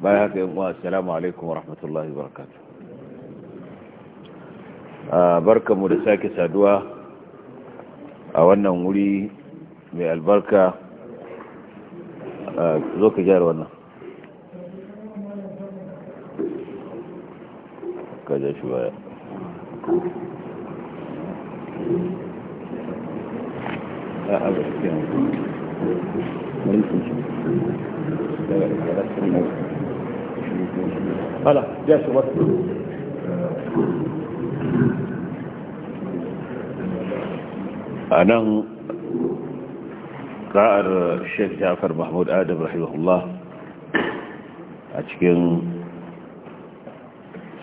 bayan haka yin uwa assalamu alaikum warahmatullahi wabarakatuh ah, mu da sake saduwa a wannan wuri mai albarka ah, zo ka gyara wannan ka shi baya Thank ah, Voilà, bien sûr. Voilà. A nan ra'ar Sheikh Jafar Mahmud Adam rahimahullah a cikin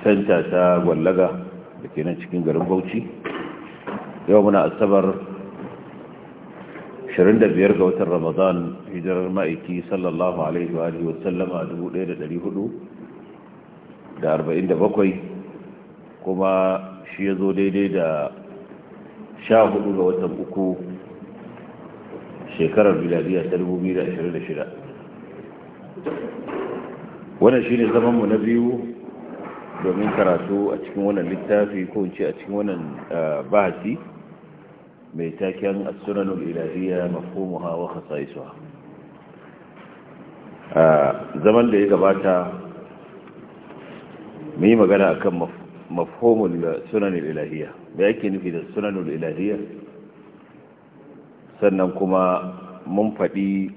santa ta gwallaga da ke nan cikin garin Bauchi. Yau muna asabar 25 ga watan ramadan hijirar ma'aiki sallallahu alaihi wa alihi a 1447 kuma shi ya zo daidai da 14 ga watan uku shekarar biladiya ta 2026 wannan shi ne zamanmu na biyu domin karatu a cikin wannan littafi ko ce a cikin wannan eh, bahasi mai taken as ilahiyya mafhumuha wa khasaisuha a zaman da ya gabata mu yi magana akan mafhumul sunanul ilahiyya me yake nufi da sunanul ilahiyya sannan kuma mun faɗi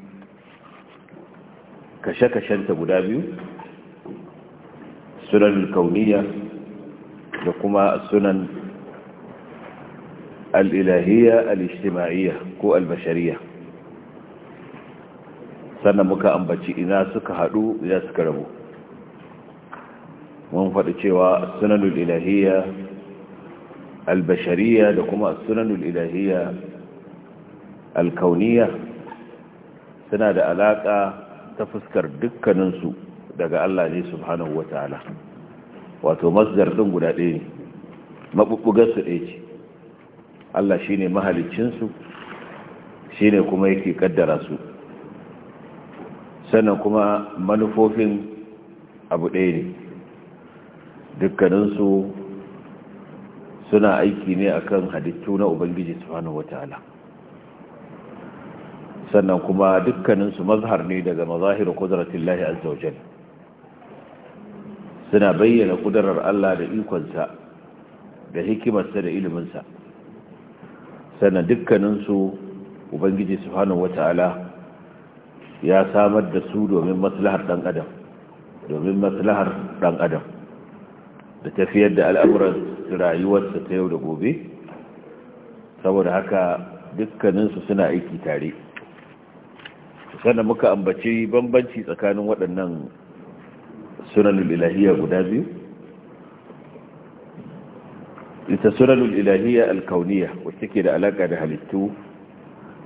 kashe-kashenta guda biyu sunanul kauniyya da kuma sunan al'ilahiyya al'ishtima'iyya ko albashariya sannan muka ambaci ina suka haɗu ya suka rabu mun faɗi cewa sunanul ilahiyya albashariya da kuma sunanul ilahiyya alkauniya suna da alaƙa ta fuskar dukkaninsu daga Allah ne subhanahu wato masdar ɗin guda ɗaya ne maɓuɓɓugarsu ɗaya ce Allah shi ne mahaliccinsu ne kuma yake kaddara su sannan kuma manufofin abu ɗaya ne dukkaninsu suna aiki ne akan halittu na ubangiji subhanahu wataala sannan kuma dukkaninsu mazhar ne daga mazahiru kudratillahi azzawajal suna bayyana ƙudarar Allah da ikonsa da hikimarsa da iliminsa sannan dukkaninsu ubangiji subhanahu wata'ala ya samar da su domin maslahar dan adam domin maslahar dan adam da tafiyar da al'amuran rayuwarsa ta yau da gobe saboda haka dukkaninsu suna aiki tare sannan muka ambaci bambanci tsakanin waɗannan sunan lilahiyya guda biyu littasirarul ilahiyya alkauniya wacce ke da alaka da halittu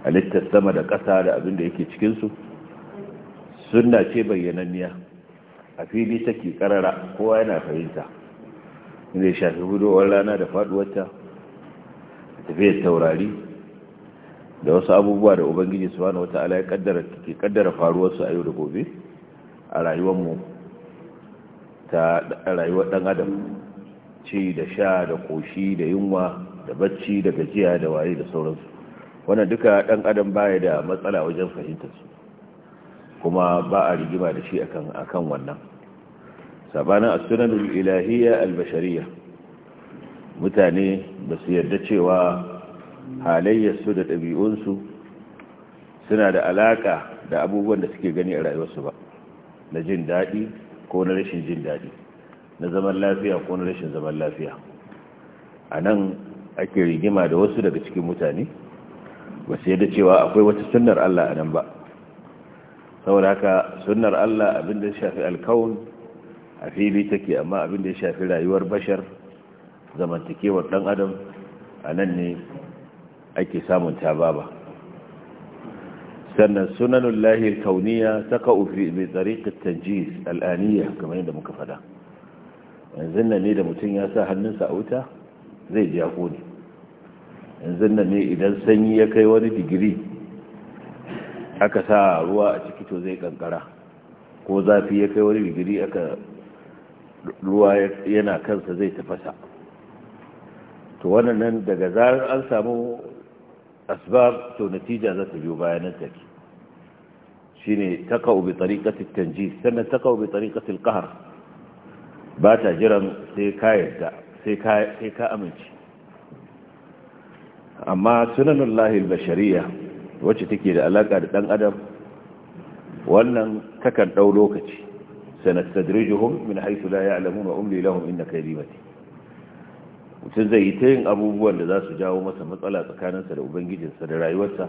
halittar sama da ƙasa da abin da yake cikinsu sunna ce bayyananniya a fili take karara kowa yana fahimta inda ya shafi hudowar rana da faduwarta tafiyar taurari da wasu abubuwa da ubangiji su wani wata ya ke kaddara faruwarsu a yau da gobe a mu ta rayuwar dan adam ci da sha da koshi da yunwa da bacci da gajiya da waye da sauransu wannan duka dan adam baya da matsala wajen fahimtar su kuma ba a rigima da shi akan akan wannan sabanin as-sunanul ilahiyya al-bashariyya mutane ba su yarda cewa halayyarsu da ɗabi'unsu suna da alaka da abubuwan da suke gani a rayuwarsu ba na jin daɗi ko na rashin jin daɗi na zaman lafiya ko na rashin zaman lafiya a nan ake rigima da wasu daga cikin mutane ba sai da cewa akwai wata sunnar Allah a nan ba saboda haka sunnar Allah abin da ya shafi alkawun a fili take amma abin da ya shafi rayuwar bashar zamantakewar dan adam a nan ne ake samun tababa sannan sunanullahi kauniya ta ka'ufi mai tsariƙar tanjis al'aniya kamar yadda muka fada yanzu nan ne da mutum ya sa hannunsa a wuta zai ji ya kone yanzu nan ne idan sanyi ya kai wani digiri aka sa ruwa a ciki to zai kankara ko zafi ya kai wani digiri aka ruwa yana kansa zai tafasa to wannan daga zarar an samu asbab to natija za ta biyo bayanan take shine takau bi tariqati at-tanjis sannan takau bi tariqati al-qahr ba ta jiran sai ka yadda sai ka amince amma sunanin lahil bashariya wacce take da alaka da ɗan adam wannan takan ɗau lokaci sanastadrijuhum min haythu la ya'lamun wa umli lahum innaka kalimati mutum zai yi ta yin abubuwan da za su jawo masa matsala tsakaninsa da ubangijinsa da rayuwarsa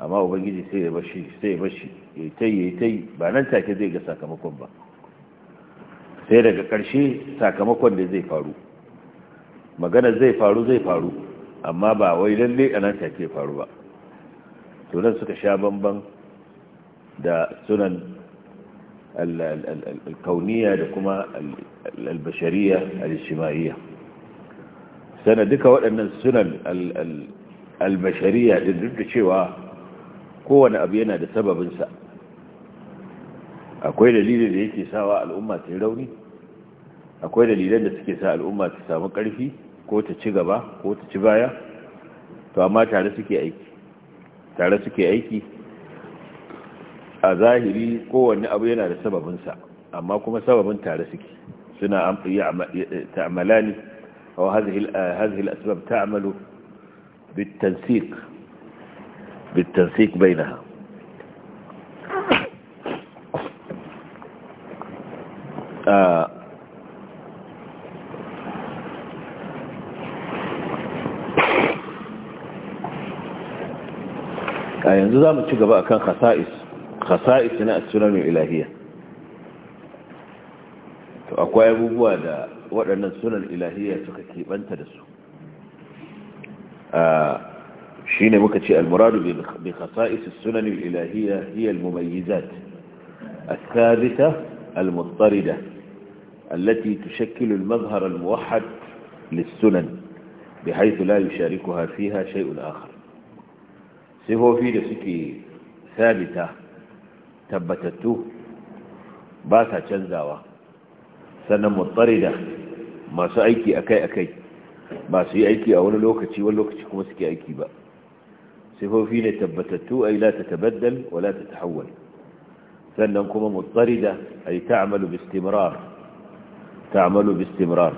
amma ubangiji sai ya bashi sai ya bashi ya yi ta yi ba nan take zai ga sakamakon ba sai daga ƙarshe sakamakon da zai faru magana zai faru zai faru amma ba wai lalle a nan take faru ba sunan suka sha bamban da sunan alkauniya da kuma albashariya alishimaiya sana duka waɗannan sunan albashariya da duk da cewa kowane abu yana da sababinsa akwai dalilin da yake sawa al'umma ta rauni akwai dalilan da suke sa al'umma ta samu ƙarfi ko ta ci gaba ko ta ci baya to amma tare suke aiki tare suke aiki a zahiri kowanne abu yana da sababinsa amma kuma sababin tare suke suna ta amala ne a asbab ta'malu bit-tansiq bit bai na ah yanzu za mu ci gaba akan khasa'is khasa'is na sunanin ilahiyya to akwai abubuwa da waɗannan sunan ilahiyya suka keɓanta da su shi ne muka ce almuradu bi khasa'is sunanin ilahiyya hiya almumayyizat الثابتة المضطردة التي تشكل المظهر الموحد للسنن بحيث لا يشاركها فيها شيء آخر sifofi da suke sabita tabbatattu ba sa canzawa sannan da masu aiki akai-akai ba su yi aiki a wani lokaci wani lokaci kuma suke aiki ba sifofi ne tabbatattu a yi ta tabaddal wa la ta sannan kuma mutsarida da a yi istimrar ta'malu bi istimrar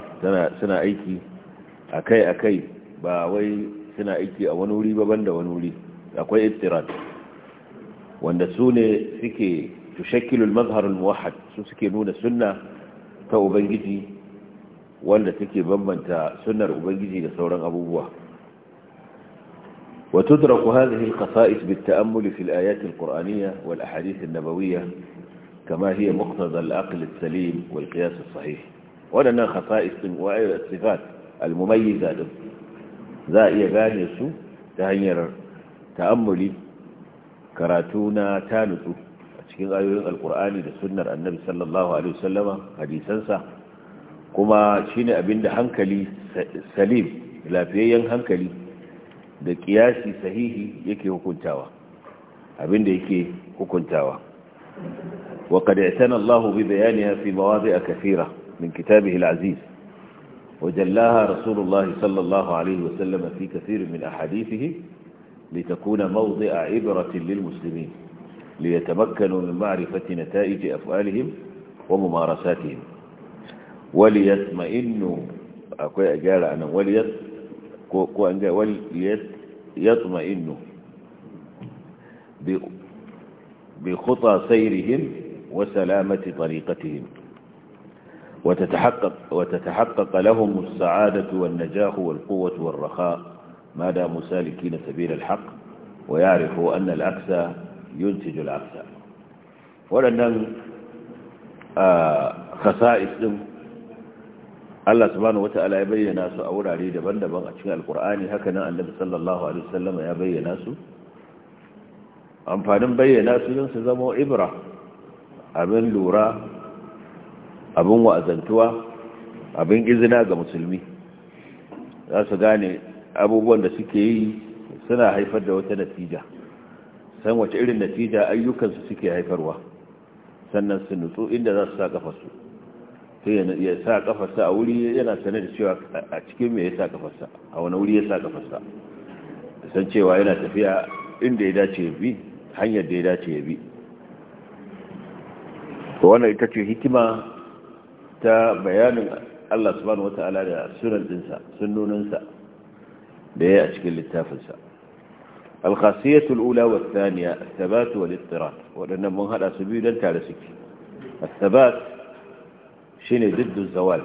suna aiki akai-akai ba wai suna aiki a wani wuri ba banda wani wuri akwai ittirad wanda su ne suke tushakkilu al-mazhar al-muwahhad su suke nuna sunna ta ubangiji wanda take bambanta sunnar ubangiji da sauran abubuwa وتدرك هذه الخصائص بالتأمل في الآيات القرآنية والأحاديث النبوية كما هي مقتضى العقل السليم والقياس الصحيح ولنا خصائص وأيضا الصفات المميزة ذا إيغاني سو تهير ta'ammuli karatu na nutsu a cikin ayoyin alkur'ani da sunnar annabi sallallahu alaihi wasallama hadisansa kuma shine abinda hankali salim lafiyayyen hankali da kiyasi sahihi yake hukuntawa abinda yake hukuntawa وقد اعتنى الله ببيانها في مواضع كثيرة من كتابه العزيز وجلاها رسول الله صلى الله عليه وسلم في كثير من أحاديثه لتكون موضع عبرة للمسلمين ليتمكنوا من معرفة نتائج أفعالهم وممارساتهم وليطمئنوا أقول أجال أنا وليت وليطمئنوا بخطى سيرهم وسلامة طريقتهم وتتحقق, وتتحقق لهم السعادة والنجاح والقوة والرخاء ما داموا سالكين سبيل الحق ويعرفوا أن العكس ينتج العكس ولأن خصائص Allah subhanahu wata'ala ya bayyana su a wurare daban-daban a cikin alkur'ani haka nan annabi sallallahu alaihi wasallam ya bayyana su amfanin bayyana su don su zama ibra abin lura abin wa'azantuwa abin izina ga musulmi za su gane abubuwan da suke yi suna haifar da wata natija san wace irin natija ayyukansu suke haifarwa sannan su nutsu inda za su sa kafarsu sai ya sa kafarsa a wuri yana sane da cewa a cikin me ya sa kafarsa a wani wuri ya sa kafarsa san cewa yana tafiya inda ya dace ya bi hanyar da ya dace ya bi wannan ita ce hikima ta bayanin Allah subhanahu wata'ala da sunan dinsa sunnoninsa بيا أشكل للتافلسة الخاصية الأولى والثانية الثبات والاضطراد ولأن من هذا سبيل أنت على سكي الثبات شين ضد الزوال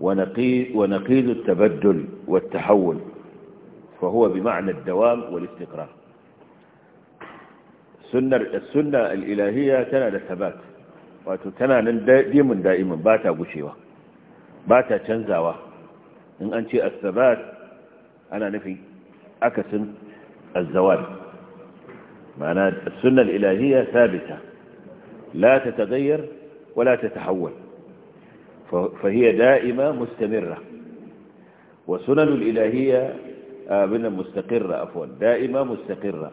ونقيض, ونقيض التبدل والتحول فهو بمعنى الدوام والاستقرار السنة, السنة الإلهية تنى للثبات وتنى دائما دائما باتا بشيوة باتا تنزاوة إن أنت الثبات أنا نفي akasin الزوال معناه السنة الإلهية ثابتة لا تتغير ولا تتحول فهي دائمة مستمرة وسنن الإلهية آه، من مستقرة أفوا دائمة مستقرة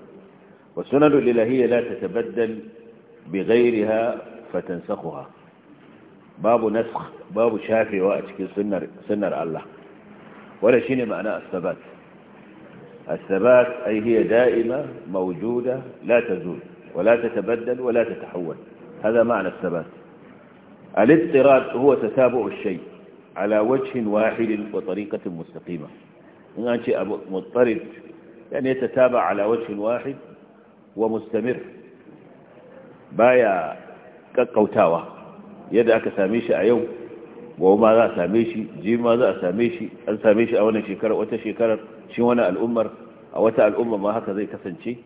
وسنن الإلهية لا تتبدل بغيرها فتنسخها باب نسخ باب شافي وأشكي سنر, سنر الله ولا شيء معنى الثبات الثبات أي هي دائمة موجودة لا تزول ولا تتبدل ولا تتحول هذا معنى الثبات الاضطراد هو تتابع الشيء على وجه واحد وطريقة مستقيمة يعني شيء مضطرد يعني يتتابع على وجه واحد ومستمر بايا كقوتاوة يدعك ساميشة أيوم gobe ma za a same shi ji ma za a same shi an same shi a wannan shekarar wata shekarar shi wani al'ummar a wata al'ummar ma haka zai kasance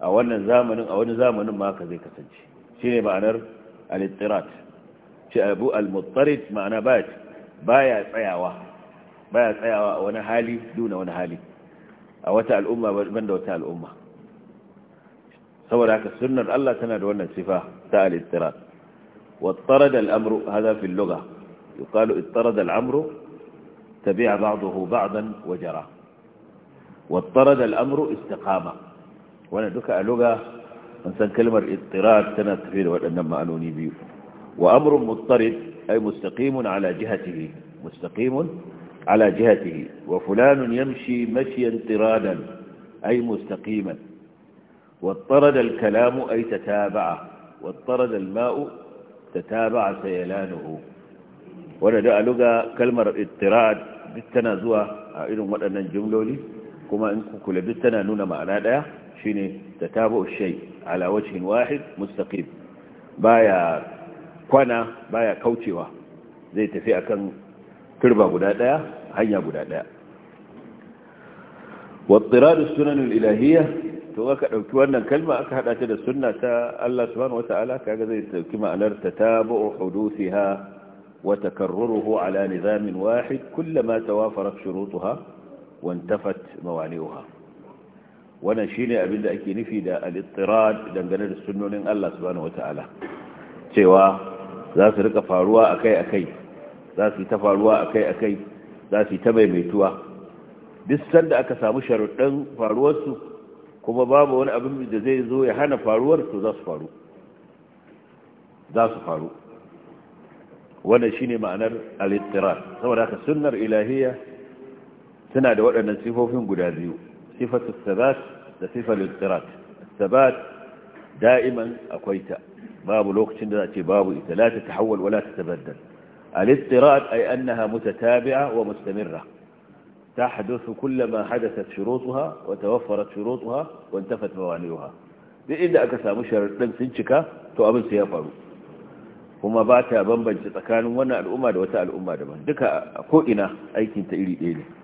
a wannan zamanin a wani zamanin ma haka zai kasance shi ne ma'anar al shi abu al-muttarid ma'ana baya tsayawa baya tsayawa a wani hali duna wani hali a wata al'umma ban da wata al'umma saboda haka sunnar Allah tana da wannan sifa ta al-ittirat واضطرد الأمر هذا في اللغة يقال اضطرد الأمر تبع بعضه بعضا وجرى واضطرد الأمر استقامة وانا دكا لغه انسان كلمة اضطراد تنا تفيد وأنما أنوني بيو وأمر مضطرد أي مستقيم على جهته مستقيم على جهته وفلان يمشي مشيا اضطرادا أي مستقيما واضطرد الكلام أي تتابع واضطرد الماء تتابع سيلانه wanda da aluga kalmar ittirad duk tana zuwa a irin waɗannan jumloli kuma in kula duk tana nuna ma'ana ɗaya shine tatabu shay ala wajhin wahid mustaqim baya kwana baya kaucewa zai tafi akan turba guda ɗaya hanya guda ɗaya واضطراد السنن الإلهية توقع أوتوانا كلمة أكهد أتدى Allah الله سبحانه وتعالى kaga zai كما ma'anar ta حدوثها وتكرره على نظام واحد كلما توافرت شروطها وانتفت موانئها wannan shine abin da ake nufi da al-ittirad dangane da sunnonin Allah subhanahu wataala cewa za su rika faruwa akai-akai za su yi ta faruwa akai-akai za su yi ta maimaituwa duk sanda aka samu sharuɗin faruwarsu kuma babu wani abin da zai zo ya hana faruwar to za su faru za su faru wannan shine ma'anar al-ittirar saboda haka sunnar ilahiyya tana da waɗannan sifofin guda biyu sifatu thabat da sifatu ittirar thabat da'iman akwai ta babu lokacin da za ce babu ita la ta tahawwal wala ta tabaddal al-ittirar ay annaha mutatabi'a wa mustamirra تحدث كلما حدثت شروطها وتوفرت شروطها وانتفت موانعها دي sun cika to abin تو ya faru. kuma ba ta bambance tsakanin wannan al'umma da wata al'umma daban duka a ko'ina ta iri ɗaya ne littirat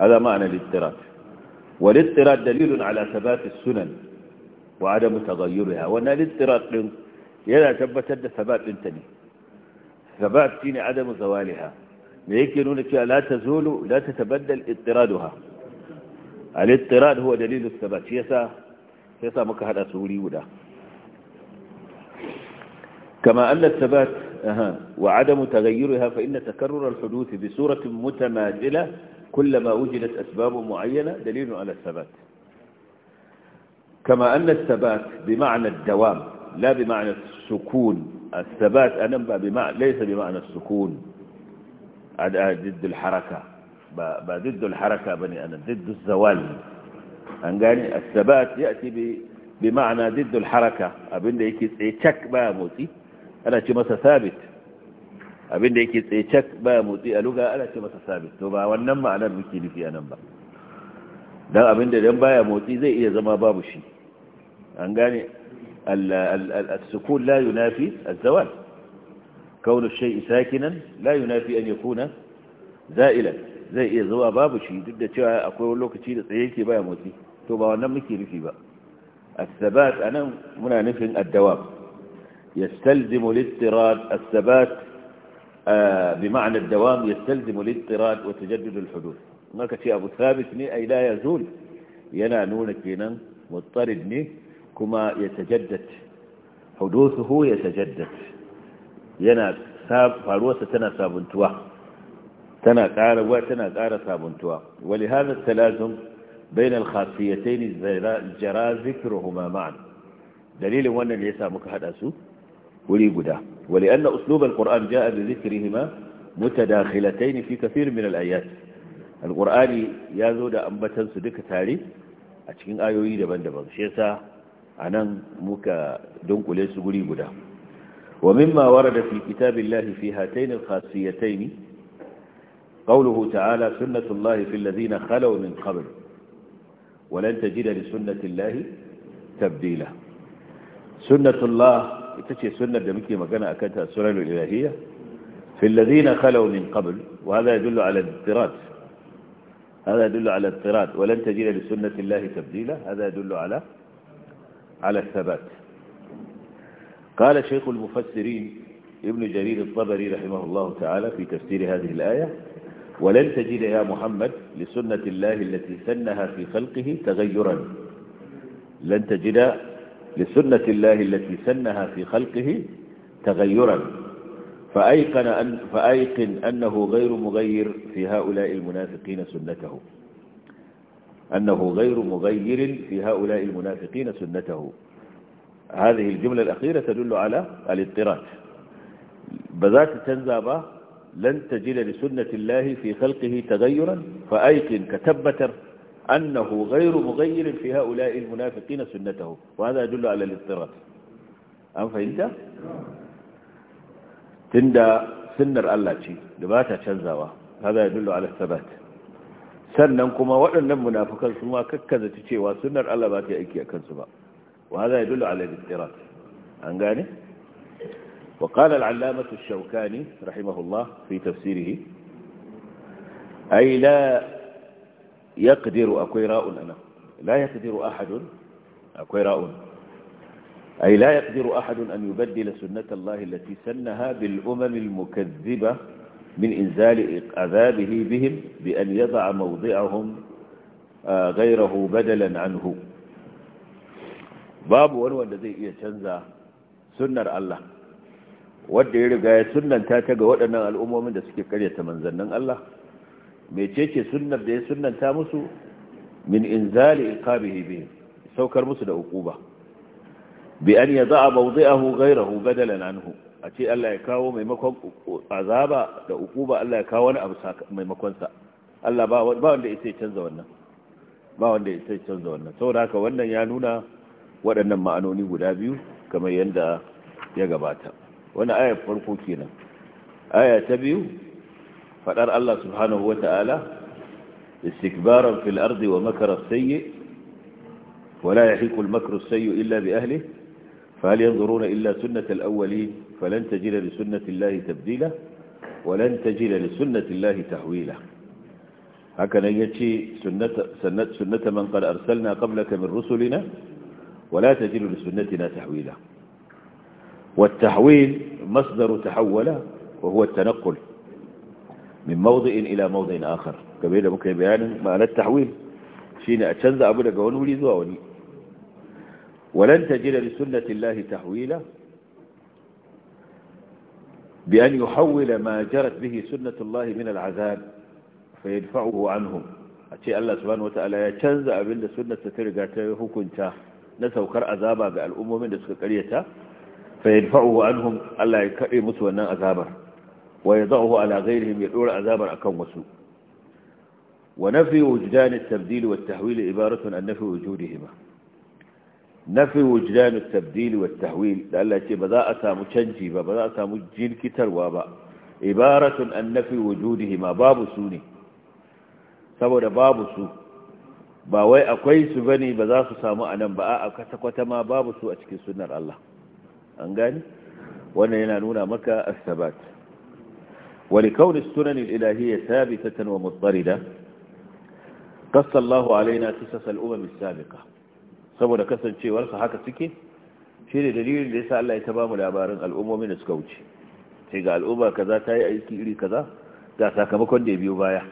هذا معنى الاضطراد والاضطراد دليل على ثبات السنن وعدم wannan littirat الاضطراد yana tabbatar da sabatin ta ne sabat shine adam zawaliha me yake nuna cewa la ta tazulu la ta tatabaddal ittiraduha al ittirad huwa dalil as-sabat yasa yasa muka hada su wuri guda كما أن الثبات وعدم تغيرها فإن تكرر الحدوث بصورة متماثلة كلما وجدت أسباب معينة دليل على الثبات كما أن الثبات بمعنى الدوام لا بمعنى السكون الثبات أنبأ بمعنى ليس بمعنى السكون ضد الحركة ضد الحركة بني أنا ضد الزوال أنقاني الثبات يأتي بمعنى ضد الحركة أبن يكي تشك بها موسيقى ana ce masa sabit abinda yake tsaye cak baya motsi a luga ana ce masa sabit to ba wannan ma'anar muke nufi a nan ba don abinda don baya motsi zai iya zama babu shi an gane al-sukun layu na la yunafi Kaunar shai isa kinan layu na fi an yakuna za'ilan zai iya zuwa babu shi duk da cewa akwai wani lokaci da tsaye yake baya motsi to ba wannan muke nufi ba as-sabat nan muna nufin ad يستلزم الاضطراد الثبات آه، بمعنى الدوام يستلزم الاضطراد وتجدد الحدوث هناك شيء أبو ثابت ني أي لا يزول ينانون كينا مضطرد ني كما يتجدد حدوثه يتجدد ينا ساب فاروس تنا انتوا تنا قارة وتنا قارة انتوا ولهذا التلازم بين الخاصيتين جرى ذكرهما معا دليل وانا ليسا مكهد أسوه ولي قدا ولأن أسلوب القرآن جاء بذكرهما متداخلتين في كثير من الآيات القرآن يزود أنبتا صدق تالي أتكين آيوي دبان دبان شيسا أنا موكا دونك ليس ولي قدا ومما ورد في كتاب الله في هاتين الخاصيتين قوله تعالى سنة الله في الذين خلوا من قبل ولن تجد لسنة الله تبديلا سنة الله ita ce sunnar da muke magana a kanta sunan ilahiyya fi alladhina khalaw min qabl wa hadha yadullu ala al-ittirat hadha yadullu ala al-ittirat wa lan tajida li sunnati allahi tabdila hadha yadullu ala ala al-thabat qala shaykh al-mufassirin ibn jarir al-tabari rahimahullah ta'ala fi tafsir hadhihi al-aya wa lan tajida ya muhammad li sunnati الله allati sannaha fi khalqihi taghayyuran لن تجد لسنة الله التي سنها في خلقه تغيرا فأيقن, أن فأيقن أنه غير مغير في هؤلاء المنافقين سنته أنه غير مغير في هؤلاء المنافقين سنته هذه الجملة الأخيرة تدل على الاضطراد بذات تنزابة لن تجد لسنة الله في خلقه تغيرا فأيقن كتبتر أنه غير مغير في هؤلاء المنافقين سنته وهذا يدل على الاضطراب أم فإنت؟ تند سنر الله شيء لباتا تنزوا هذا يدل على الثبات سننكم وأن المنافقة سنوا ككذا تشي وسنر الله باتي أيكي أكنسوا وهذا يدل على الاضطراب أنقاني؟ وقال العلامة الشوكاني رحمه الله في تفسيره أي لا يقدر أكويراء أنا لا يقدر أحد أكويراء أي لا يقدر أحد أن يبدل سنة الله التي سنها بالأمم المكذبة من إنزال عذابه بهم بأن يضع موضعهم آه، غيره بدلا عنه باب wani الذي zai iya الله ودي Allah wadda سنة riga ya sunnanta ta ga waɗannan al'ummomin da الله mecece sunnar da ya sunanta musu min inzali iqabihi bi saukar musu da uquba bi an yada'a mawdi'ahu ghayrahu badalan anhu a ce Allah ya kawo maimakon azaba da uquba Allah ya kawo wani abu maimakon sa Allah ba wanda ya sai canza wannan ba wanda ya sai canza wannan saboda haka wannan ya nuna waɗannan ma'anoni guda biyu kamar yadda ya gabata wannan ayar farko kenan aya ta biyu فقال الله سبحانه وتعالى استكبارا في الأرض ومكر السيء ولا يحيق المكر السيء إلا بأهله فهل ينظرون إلا سنة الأولين فلن تجد لسنة الله تبديلا ولن تجد لسنة الله تحويلا هكذا يجي سنة, سنة, سنة من قد أرسلنا قبلك من رسلنا ولا تجد لسنتنا تحويلا والتحويل مصدر تحول وهو التنقل min mawdu'in ila mawdu'in akhar kabe da muka yi bayanin ma'anar tahwil shine a canza abu daga wani wuri zuwa wani walan tajida li sunnati llahi tahwila bi an yuhawwila ma jarat bihi sunnatu llahi min al'azab fayadfa'uhu anhum a ce Allah subhanahu wata'ala ya canza abin da sunnata ta riga ta hukunta na saukar azaba ga al'ummomin da suka karyata fa yadfa'uhu anhum Allah ya kare musu wannan azabar ويضعه على غيرهم يدور عذابا أكون وسوء ونفي وجدان التبديل والتحويل عبارة عن نفي وجودهما نفي وجدان التبديل والتحويل لألا يتي بذاء مشنجي بذاء سامو جين كتر وابا عبارة عن نفي وجودهما باب سوني سبب باب سو باوي wai بني su bane أنم باء su samu باب nan ba الله kwata-kwata وأنا babu مكة الثبات Wani ولكون السنن الإلهية ثابتة ومضطردة قص الله علينا قصص الأمم السابقة saboda kasancewarsa haka suke shi ne dalilin da ya sa Allah ya ta bamu labarin al'ummomin da suka wuce sai ga al'umma kaza ta yi aiki iri kaza ga sakamakon da ya biyo baya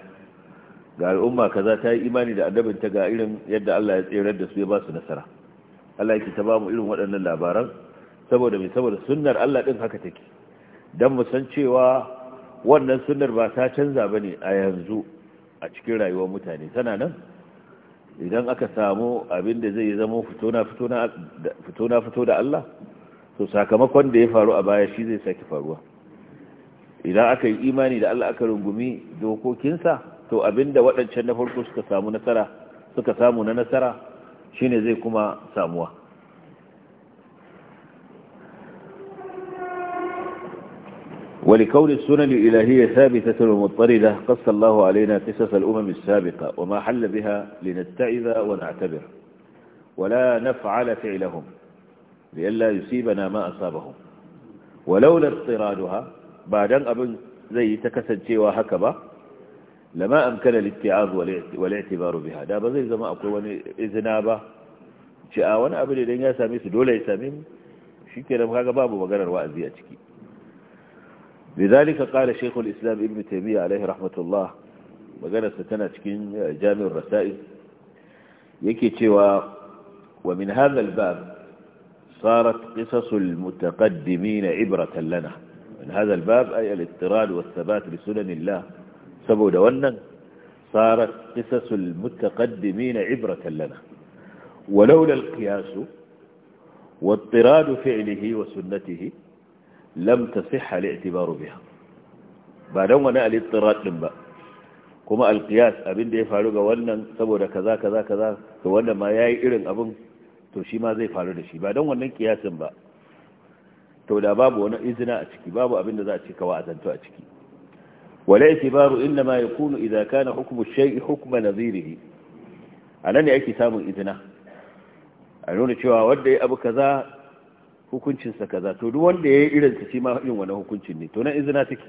ga al'umma kaza ta yi imani da annabinta ga irin yadda Allah ya tserar da su ya ba su nasara Allah yake ta bamu irin waɗannan labaran saboda mai saboda sunnar Allah din haka take dan mu san cewa wannan sunar ba ta canza ba ne a yanzu a cikin rayuwar mutane tana nan idan aka samu abin da zai zama fito na fito da Allah to sakamakon da ya faru a baya shi zai sake faruwa idan aka yi imani da Allah aka rungumi dokokinsa to abin da waɗancan na farko suka samu suka samu na nasara shine zai kuma samuwa ولكون السنن الإلهية ثابتة ومضطردة قص الله علينا قصص الأمم السابقة وما حل بها لنتعظ ونعتبر ولا نفعل فعلهم لئلا يصيبنا ما أصابهم ولولا اضطرادها بعد أن أبن زي تكسد شيء هكذا لما أمكن الاتعاظ والاعتبار بها ده بزي ما أقول إذنابة شاء وانا أبن إذن يا سامي سدولة يسامي شكرا بخاك بابو وقرر وأزيئتك لذلك قال شيخ الإسلام ابن تيمية عليه رحمة الله وقال ستنا تكين جامع الرسائل يكي ومن هذا الباب صارت قصص المتقدمين عبرة لنا من هذا الباب أي الاضطراد والثبات لسنن الله سبو دونا صارت قصص المتقدمين عبرة لنا ولولا القياس واضطراد فعله وسنته lam tasihha li'tibaru biha ba dan wani al-ittirad din ba kuma al-qiyas abin da ya faru ga wannan saboda kaza kaza kaza to wanda ma yayi irin abin to shi ma zai faru da shi ba dan wannan kiyasin ba to da babu wani izina a ciki babu abin da za a ce a zanto a ciki wala itibaru inma yakunu idza kana hukmu shay'i hukma nadhirihi anan ne ake samun izina a nuna cewa wanda ya abu kaza hukuncinsa kaza to duk wanda ya irin su shi ma irin wannan hukuncin ne to na izina take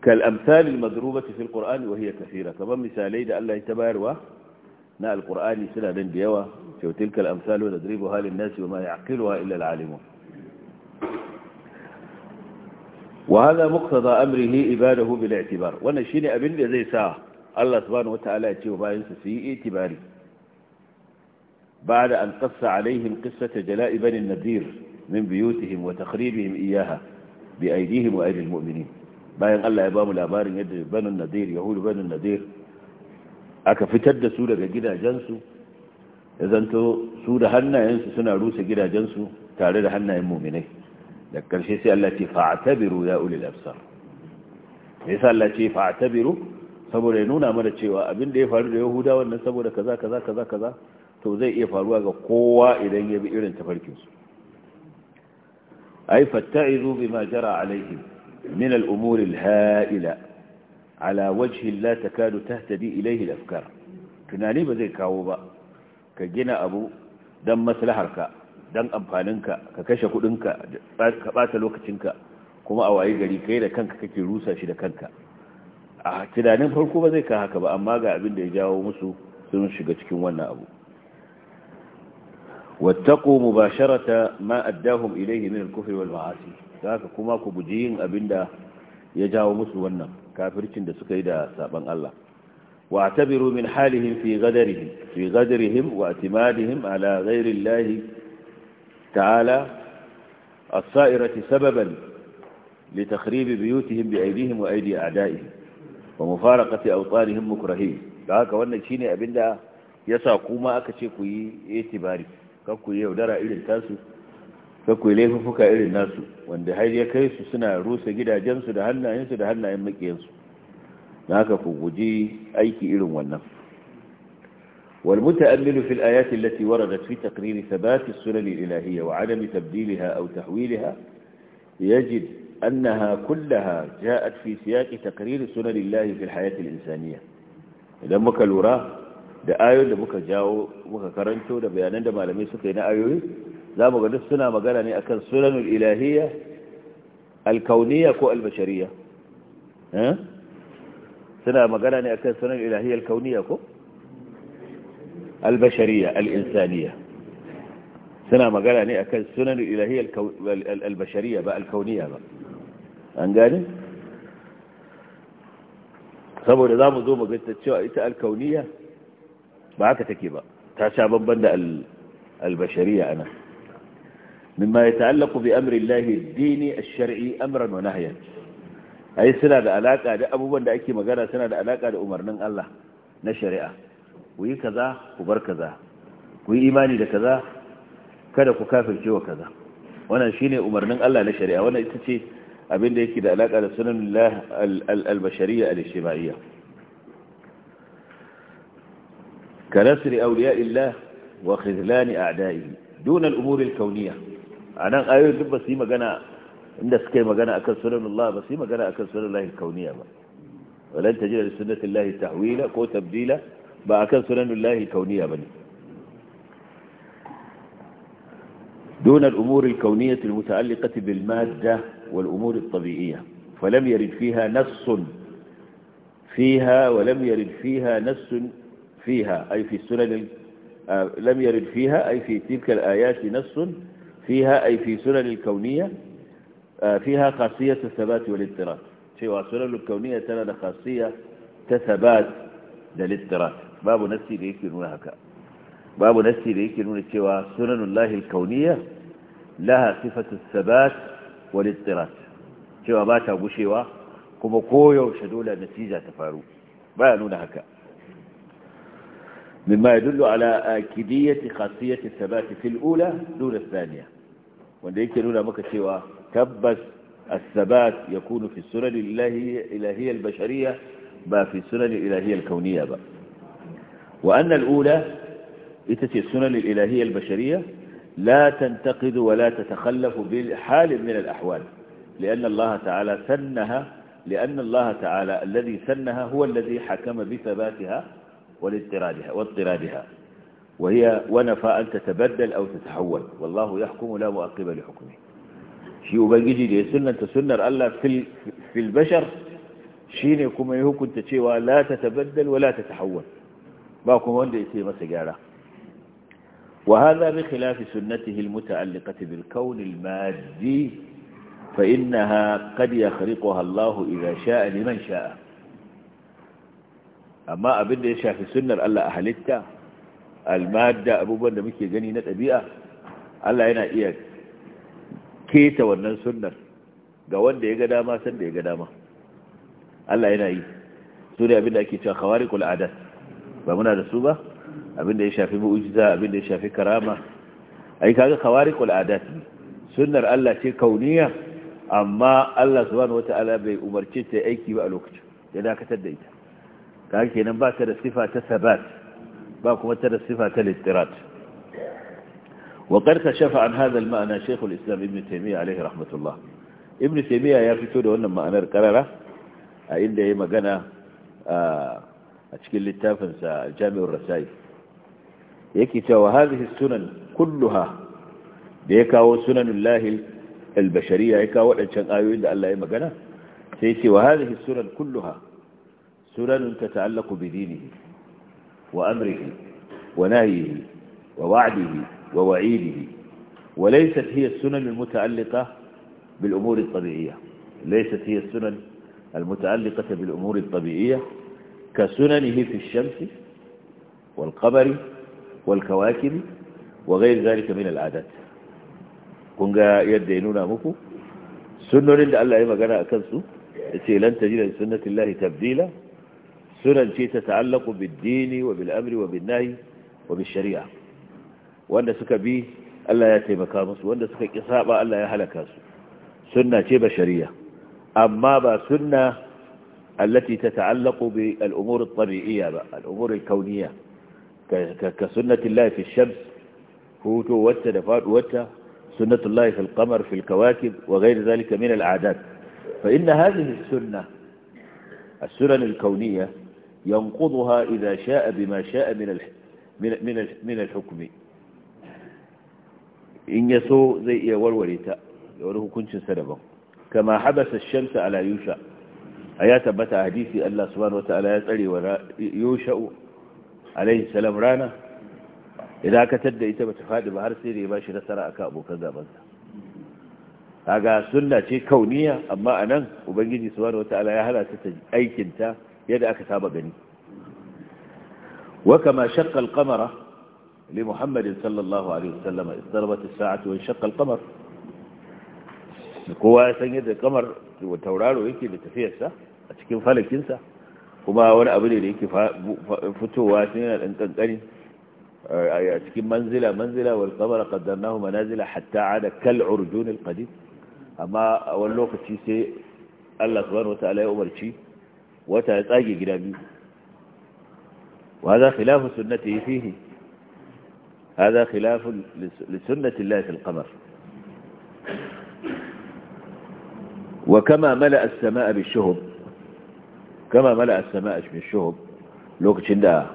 kal amsalil madrubati fil qur'ani wa hiya kaseera kaman misalai da Allah ya tabayarwa na alqur'ani suna dan da yawa to tilkal amsalu nadribu halin nasi wa ma ya'qiluha illa al alimun wannan shine abin da zai sa allah أبن ذي ساعة الله سبحانه وتعالى يتيو su yi itibari. بعد أن قص عليهم قصة جلاء بني النذير من بيوتهم وتخريبهم إياها بأيديهم وأيدي المؤمنين bayan Allah ya ba mu labarin yadda banin nadir yahudu banin nadir aka fitar da su daga gidajensu su da hannayensu suna rusa gidajensu tare da hannayen muminai da ƙarshe sai Allah ce fa'atabiru ya ulil me Allah ce saboda ya nuna mana cewa abin da ya faru da yahudawan nan saboda kaza kaza kaza kaza to zai iya faruwa ga kowa idan ya bi irin tafarkinsu ai fatta'izu bima jara alaihim min al'umuri al'a'ila ala wajhi la takadu tahtadi ilaihi al-afkar tunani ba zai kawo ba ka gina abu dan maslaharka dan amfaninka ka kashe kudinka ka bata lokacinka kuma a waye gari kai da kanka kake rusa shi da kanka a tunanin farko ba zai ka haka ba amma ga abin da ya jawo musu sun shiga cikin wannan abu واتقوا مباشرة ما أداهم إليه من الكفر والمعاصي ذاك كما كبجين أبندا يجاو مسلونا كافرين دا سكيدا سابن الله واعتبروا من حالهم في غدرهم في غدرهم واعتمادهم على غير الله تعالى الصائرة سببا لتخريب بيوتهم بأيديهم وأيدي أعدائهم ومفارقة أوطانهم مكرهين ذاك وانا شيني أبندا يسا كما أكشي كوي kakku yi yaudara irin tasu kakku yi laifuka irin nasu wanda har ya kai su suna rusa gidajensu da hannayensu da hannayen makiyansu na haka ku guji aiki irin wannan wal fil ayati allati waradat fi taqriri الآيات as-sunan al-ilahiyya wa 'adami tabdilha aw tahwilha yajid annaha kullaha ja'at fi siyaqi taqriri sunan allahi fil hayati al-insaniyya idan muka lura da ayoyin da muka jawo muka karanto da bayanan da malamai suka yi na ayoyi za mu ga duk suna magana ne akan sunanul ilahiyya alkauniyya ko albashariya eh? suna magana ne akan sunan ilahiyya alkauniyya ko albashariya al'insaniya suna magana ne akan sunan ilahiyya albashariya ba alkauniyya ba an gani saboda za mu zo mu ga cewa ita alkauniyya ba haka take ba ta sha babban da albashariya ana mimma ya ta'allaku bi amri lahi dini a shari'i amran wa nahyan ai suna da alaka da abubuwan da ake magana suna da alaka da umarnin Allah na shari'a ku yi kaza ku bar kaza ku yi imani da kaza kada ku kafirce wa kaza wannan shine umarnin Allah na shari'a wannan ita ce abin da yake da alaka da sunan al-bashariyya al-ijtimaiyya كنصر أولياء الله وخذلان أعدائه دون الأمور الكونية أنا آية دب بس يما إن عند سكي ما جنا أكل الله بس يما جنا أكل الله الكونية ما ولن تجد لسنة الله تحويلة كو تبديلة ما أكل الله الكونية بني دون الأمور الكونية المتعلقة بالمادة والأمور الطبيعية فلم يرد فيها نص فيها ولم يرد فيها نص فيها أي في سنن آه، لم يرد فيها أي في تلك الآيات نص فيها أي في سنن الكونية آه، فيها خاصية الثبات والاضطراد في سنن الكونية تلد خاصية تثبات للاضطراد باب نسي ليك نونهك باب نسي ليك نونك سنن الله الكونية لها صفة الثبات والاضطراد شوى باتا بشيوى كما قوية وشدولة نتيجة تفارو باب نونهك باب مما يدل على أكدية خاصية الثبات في الأولى دون الثانية وإنك الأولى مكة سوى تبس الثبات يكون في السنن الإلهية البشرية ما في السنن الإلهية الكونية با. وأن الأولى إتتي السنن الإلهية البشرية لا تنتقد ولا تتخلف بحال من الأحوال لأن الله تعالى سنها لأن الله تعالى الذي سنها هو الذي حكم بثباتها والاضطرادها واضطرادها وهي ونفى أن تتبدل أو تتحول والله يحكم لا مؤقب لحكمه شيء وبنجي دي سنة تسنر الله في في البشر شيء كما يكون تشيوا لا تتبدل ولا تتحول باكم وين يصير مسجارة وهذا بخلاف سنته المتعلقة بالكون المادي فإنها قد يخرقها الله إذا شاء لمن شاء amma abin da ya shafi sunnar Allah a halitta almadda abubuwan da muke gani na ɗabi'a Allah yana iya keta wannan sunnar ga wanda ya ga dama san da ya ga dama Allah yana yi su ne abin da ake cewa kula adat ba muna da su ba abin da ya shafi mu'jiza abin da ya shafi karama ai kaga kula adat sunnar Allah ce kauniya amma Allah subhanahu wataala bai umarce ta aiki ba a lokacin ya dakatar da ita ka kenan ba ta da sifa ta sabat ba kuma ta da sifa ta littirat ka shafa an هذا ma'ana شيخ islam Ibn تيمية عليه رحمة Ibn ابن ya fito da wannan ma'anar karara a inda yi magana a cikin littafin sa Jami'ur rasai yake cewa hadhihi sunan kulluha da ya kawo sunanullahi al-bashariyya ya kawo wadancan ayoyin da Allah ya magana sai yace wa hadhihi sunan kulluha سنن تتعلق بدينه وأمره ونهيه ووعده ووعيده وليست هي السنن المتعلقة بالأمور الطبيعية ليست هي السنن المتعلقة بالأمور الطبيعية كسننه في الشمس والقمر والكواكب وغير ذلك من العادات كن ga yadda ya سنن muku sunnonin da Allah ya magana a kansu ya ce سنن شيء تتعلق بالدين وبالأمر وبالنهي وبالشريعة وأن به ألا يأتي مكامس وأن سكي إصابة ألا يهلك سنة شيء بشرية أما با سنة التي تتعلق بالأمور الطبيعية الأمور الكونية كسنة الله في الشمس هوتو وتا دفات وتا سنة الله في القمر في الكواكب وغير ذلك من الأعداد فإن هذه السنة السنن الكونية ينقضها إذا شاء بما شاء من من من الحكم إن يسو زي والوليتا يقوله كنت سلبا كما حبس الشمس على يوشع آيات بات حديثي الله سبحانه وتعالى يسألي ولا يوشع عليه السلام رانا إذا كتد إتبت فادي بحر سيري باشي نسرع أكابو كذا بنتا kaga sunna ce kauniya amma anan ubangiji subhanahu wataala ya halata ta aikin ta يدعى يدعك بني وكما شق القمر لمحمد صلى الله عليه وسلم اضطربت الساعة وانشق القمر القوة سنجد القمر وتوراله يكي بتفير سا أتكين فالك ينسى وما أولا أبلي ليكي فتوة سنين الانتن آه، أتكين منزلة منزلة والقمر قدرناه منازلة حتى عاد كالعرجون القديم أما أولوك تيسي الله سبحانه وتعالى أمر تيسي wata ya tsage gida biyu wa za khilafu sunnati fihi هذا خلاف لسنة الله في القمر وكما ملأ السماء بالشهب كما ملأ السماء بالشهب لوكتشن ده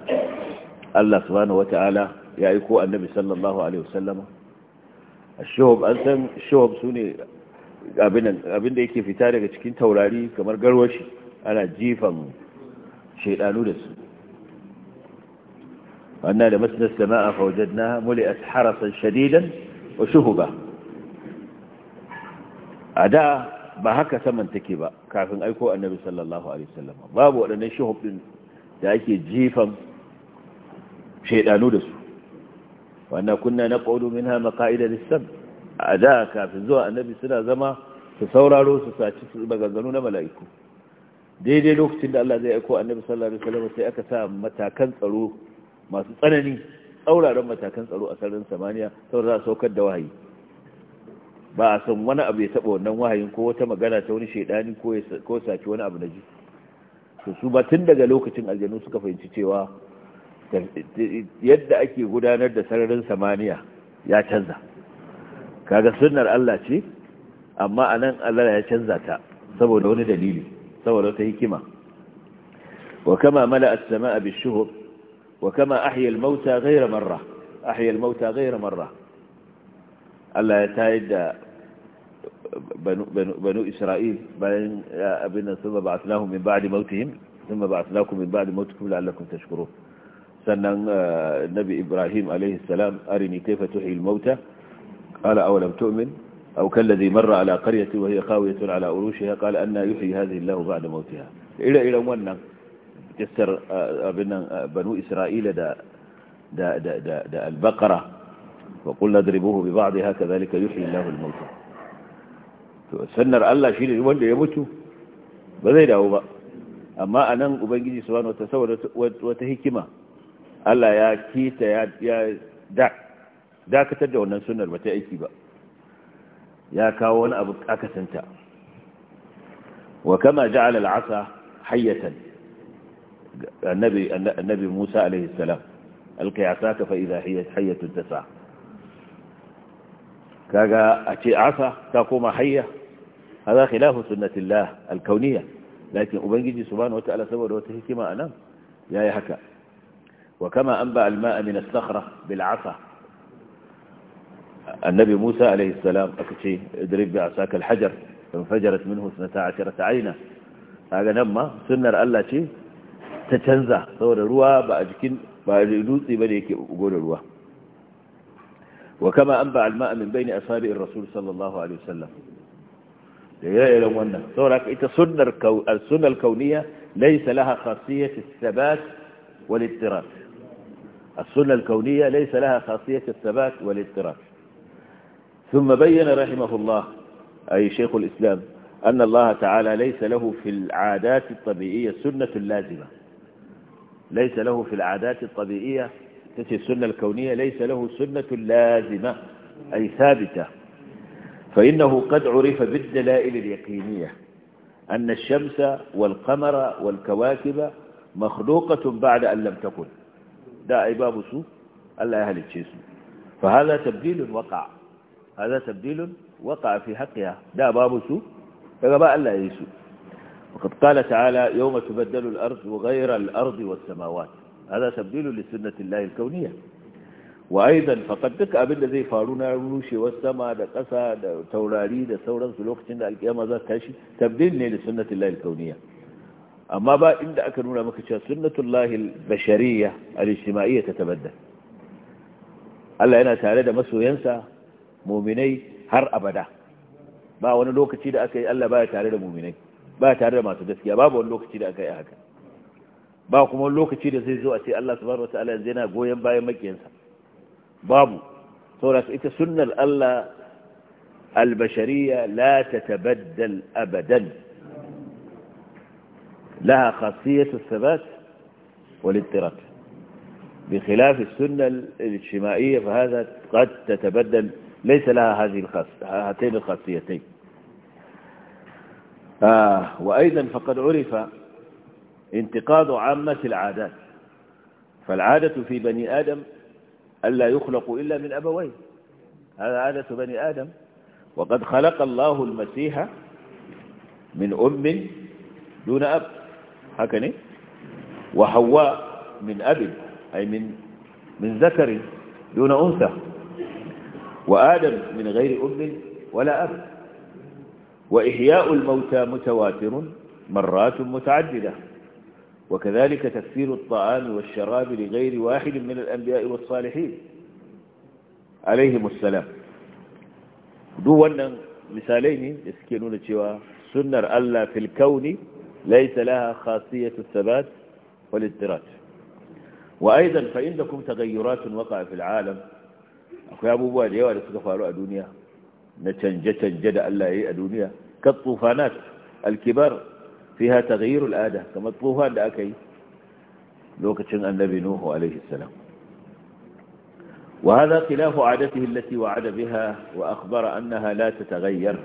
الله سبحانه وتعالى يا يكو النبي صلى الله عليه وسلم الشهب أنسان الشهب سوني abin da yake fita daga cikin taurari kamar garwashi ana jifan shaidanu da su wannan da masnas sama'a faujad na muli a harasan shadidan wa ba. a da ba haka saman take ba kafin aiko annabi sallallahu alaihi wasallam babu waɗannan Shuhu din da ake jifan shaidanu da su wannan kunna na qawlu minha maqa'ida lis-sam a da kafin zuwa annabi suna zama su sauraro su saci su maganganu na mala'iku daidai lokacin da Allah zai aiko annabi sallallahu alaihi wasallam sai aka sa matakan tsaro masu tsanani tsauraran matakan tsaro a sararin samaniya saboda za a saukar da wahayi ba a san wani abu ya taba wannan wahayin ko wata magana ta wani shaidani ko saki wani abu na ji to su ba tun daga lokacin aljanu suka fahimci cewa yadda ake gudanar da sararin samaniya ya canza kaga sunnar Allah ce amma anan Allah ya canza ta saboda wani dalili استولت هيكمة وكما ملأ السماء بالشهب وكما أحيى الموتى غير مرة أحيى الموتى غير مرة ألا يتايد بنو, بنو إسرائيل بأبنا ثم بعثناهم من بعد موتهم ثم بعثناكم من بعد موتكم لعلكم تشكرون سنة آه، النبي إبراهيم عليه السلام أرني كيف تحيي الموتى قال أولم تؤمن أو كالذي مر على قرية وهي خاوية على أروشها قال أن يحيي هذه الله بعد موتها إلى إلى ونن تسر بنو إسرائيل دا, دا, دا, دا, دا البقرة وقلنا اضربوه ببعضها كذلك يحيي الله الموتى سنر الله شيء wanda ya mutu ba zai dawo ba amma a nan ubangiji subhanahu wata saboda wata hikima Allah ya kita ya dakatar da wannan sunnar ba ta aiki ba يا كاون أبوك أكسنت وكما جعل العصا حية النبي, النبي موسى عليه السلام ألقي عصاك فإذا هي حية تسعى كاقى أتي عصا تقوم حية هذا خلاف سنة الله الكونية لكن أبنجي سبحانه وتعالى سبب وتهكي ما أنام يا يحكى وكما أنبأ الماء من الصخرة بالعصا النبي موسى عليه السلام أكتي ادريب بعساك الحجر فانفجرت منه سنتا عشرة عينة هذا نما سنر ألا شي تتنزى صور الروا بأجكين بأجلوس بنيك وقول الروا وكما أنبع الماء من بين أصابع الرسول صلى الله عليه وسلم يلا يلا وانا صورك السنة الكونية ليس لها خاصية الثبات والاضطراب السنة الكونية ليس لها خاصية الثبات والاضطراب ثم بين رحمه الله أي شيخ الإسلام أن الله تعالى ليس له في العادات الطبيعية سنة لازمة ليس له في العادات الطبيعية تتي السنة الكونية ليس له سنة لازمة أي ثابتة فإنه قد عرف بالدلائل اليقينية أن الشمس والقمر والكواكب مخلوقة بعد أن لم تكن دا عباب باب سوء الله أهل الجسم فهذا تبديل وقع هذا تبديل وقع في حقها دا باب سوء فقباء الله يسوء وقد قال تعالى يوم تبدل الأرض وغير الأرض والسماوات هذا تبديل لسنة الله الكونية وأيضا فقد تكأ بالذي فارونا روشي والسماء دا قصى دا توراري دا سورا سلوك تند القيامة ذات تاشي تبديل لسنة الله الكونية أما با إن دا أكنونا مكتشا سنة الله البشرية الاجتماعية تتبدل Allah yana tare da masoyansa muminai har abada ba wani lokaci da aka yi Allah baya tare da muminai ba tare da masu gaskiya babu wani lokaci da aka yi haka ba kuma wani lokaci da zai zo a ce Allah subhanahu wataala yanzu yana goyen bayan makiyansa babu saboda ita sunnar Allah albashariya la tatabaddal abadan laha khasiyatu thabat wal ittirab بخلاف السنة الاجتماعية فهذا قد تتبدل ليس لها هذه الخاص هاتين الخاصيتين آه وأيضا فقد عرف انتقاد عامة العادات فالعادة في بني آدم ألا يخلق إلا من أبوين هذا عادة بني آدم وقد خلق الله المسيح من أم دون أب هكذا وحواء من أب أي من من ذكر دون أنثى وآدم من غير أم ولا أب وإحياء الموتى متواتر مرات متعددة وكذلك تكفير الطعام والشراب لغير واحد من الأنبياء والصالحين عليهم السلام دو أن مثالين يسكنون شواء سنر ألا في الكون ليس لها خاصية الثبات والازدراج وأيضا فإنكم تغيرات وقع في العالم akwai abubuwa da yawa da suka faru a duniya na canje-canje da Allah ya yi a duniya kan tufanat alkibar fi ha taghayyur al'ada kamar tufan da aka yi lokacin annabi nuhu alaihi salam wa wa khilafu adatihi allati wa'ada biha وهذا خلاف عادته التي وعد بها وأخبر أنها لا تتغير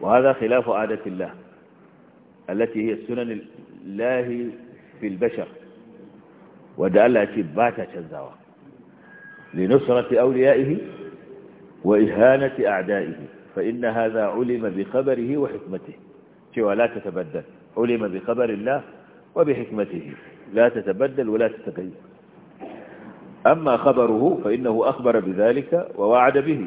وهذا خلاف عادة الله bashar wa da Allah ya ce ba ta canzawa لنصرة أوليائه وإهانة أعدائه فإن هذا علم بخبره وحكمته سوى لا تتبدل علم بخبر الله وبحكمته لا تتبدل ولا تتغير أما خبره فإنه أخبر بذلك ووعد به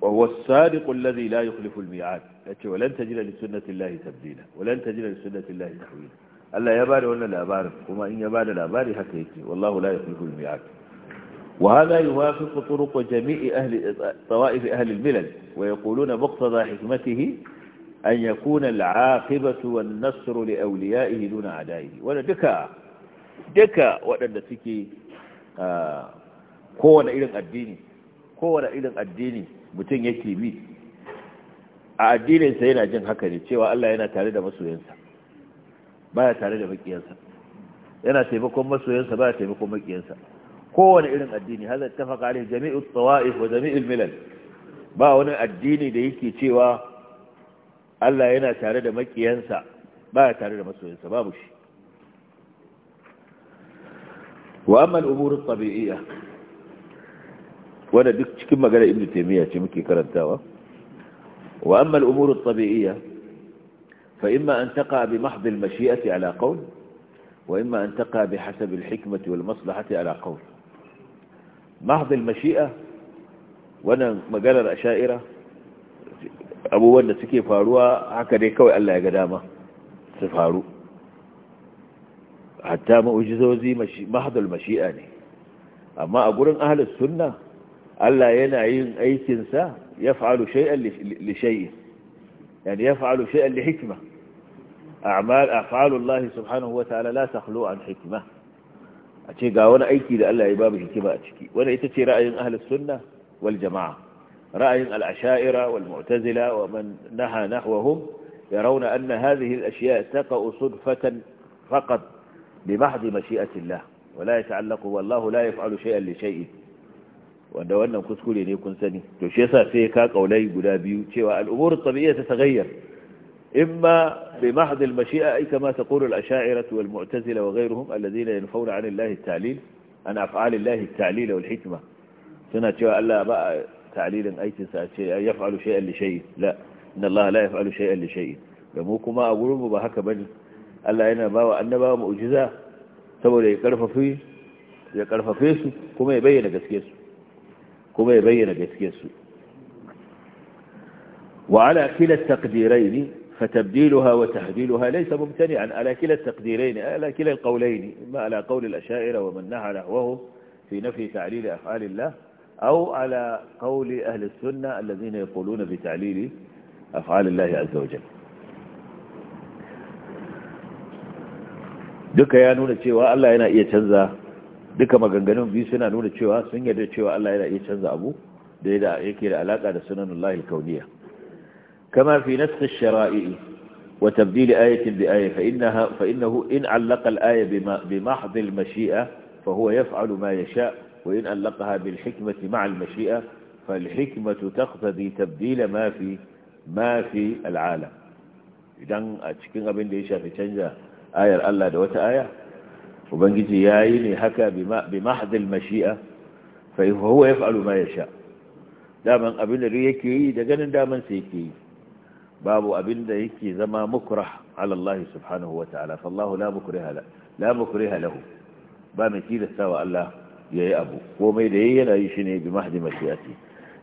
وهو الصادق الذي لا يخلف الميعاد ولن تجد لسنة الله تبديلا ولن تجد لسنة الله تحويلا ألا يبالي ولا الأبار وما إن يبالي لا هكيك والله لا يخلف الميعاد وهذا يوافق طرق جميع أهل طوائف أهل الملل ويقولون مقتضى حكمته أن يكون العاقبة والنصر لأوليائه دون أعدائه ولا دكا دكا وأن تكي kowane irin addini kowane irin addini mutum yake bi a addininsa yana jin haka ne cewa Allah yana tare da masoyansa baya tare da makiyansa yana taimakon masoyansa baya taimakon makiyansa كون علم الديني هذا اتفق عليه جميع الطوائف وجميع الملل با هنا الديني ده يكي تيوا ألا هنا تارد مكي ينسى با تارد مسلو ينسى ما بابوش وأما الأمور الطبيعية وانا ديك كما قال ابن تيمية كمكي كرنتاوا وأما الأمور الطبيعية فإما أن تقع بمحض المشيئة على قول وإما أن تقع بحسب الحكمة والمصلحة على قول محض المشيئة وانا مجال الأشائرة أبوان نسكي فاروها حكا ديكوي ألا يقداما سفارو حتى ما أجزوزي محض المشيئة أما أقولن أهل السنة ألا ينعين أي سنسا يفعل شيئا لشيء يعني يفعل شيئا لحكمة أعمال أفعال الله سبحانه وتعالى لا تخلو عن حكمه a ce ga wani aiki da Allah ya babu hikima a ciki wanda ita ce ra'ayin ahlus sunna wal jama'a ra'ayin al-asha'ira wal mu'tazila wa man naha nahwahum yarawna anna hadhihi al ashiya' taqa'u sudfatan faqat bi mahdi mashi'ati Allah wa la yata'allaqu wallahu la yaf'alu shay'an li shay'in wanda wannan kuskure ne kun sani to shi yasa sai ka kaulai guda biyu cewa al-umur at-tabi'iyyah tataghayyar إما بمحض المشيئة أي كما تقول الأشاعرة والمعتزلة وغيرهم الذين ينفون عن الله التعليل عن أفعال الله التعليل والحكمة سنة شواء ألا بقى تعليلا أي يفعل شيئا لشيء لا إن الله لا يفعل شيئا لشيء يموكما أقول بهك بل ألا إن باوى أن باوى مؤجزة سبب يكرف فيه يكرف فيه كما يبين كسكيسه كما يبين كسكيسه وعلى كلا التقديرين فتبديلها وتهديلها ليس ممتنعا على كلا التقديرين على كلا القولين إما على قول الأشائر ومن نهى نحوه في نفي تعليل أفعال الله أو على قول أهل السنة الذين يقولون بتعليل أفعال الله عز وجل duk ya nuna cewa Allah yana iya canza duka maganganun biyu suna nuna cewa sun yarda cewa Allah yana iya canza abu da yake da alaka da sunanullahi al-kauniyya كما في نسخ الشرائع وتبديل آية بآية فإنها فإنه إن علق الآية بمحض المشيئة فهو يفعل ما يشاء وإن علقها بالحكمة مع المشيئة فالحكمة تقتضي تبديل ما في ما في العالم إذا أتكين أبن ليشا في تنجا آية الله دوت آية وبنجيزي ياين حكى بما بمحض المشيئة فهو يفعل ما يشاء دائما أبن ليكي دائما سيكي babu abin da yake zama mukrah ala Allah subhanahu wa ta'ala fallahu la mukriha la la mukriha lahu ba mai tilasta wa Allah yayi abu komai da yayi yana yi shi ne bi mahdi mashi'ati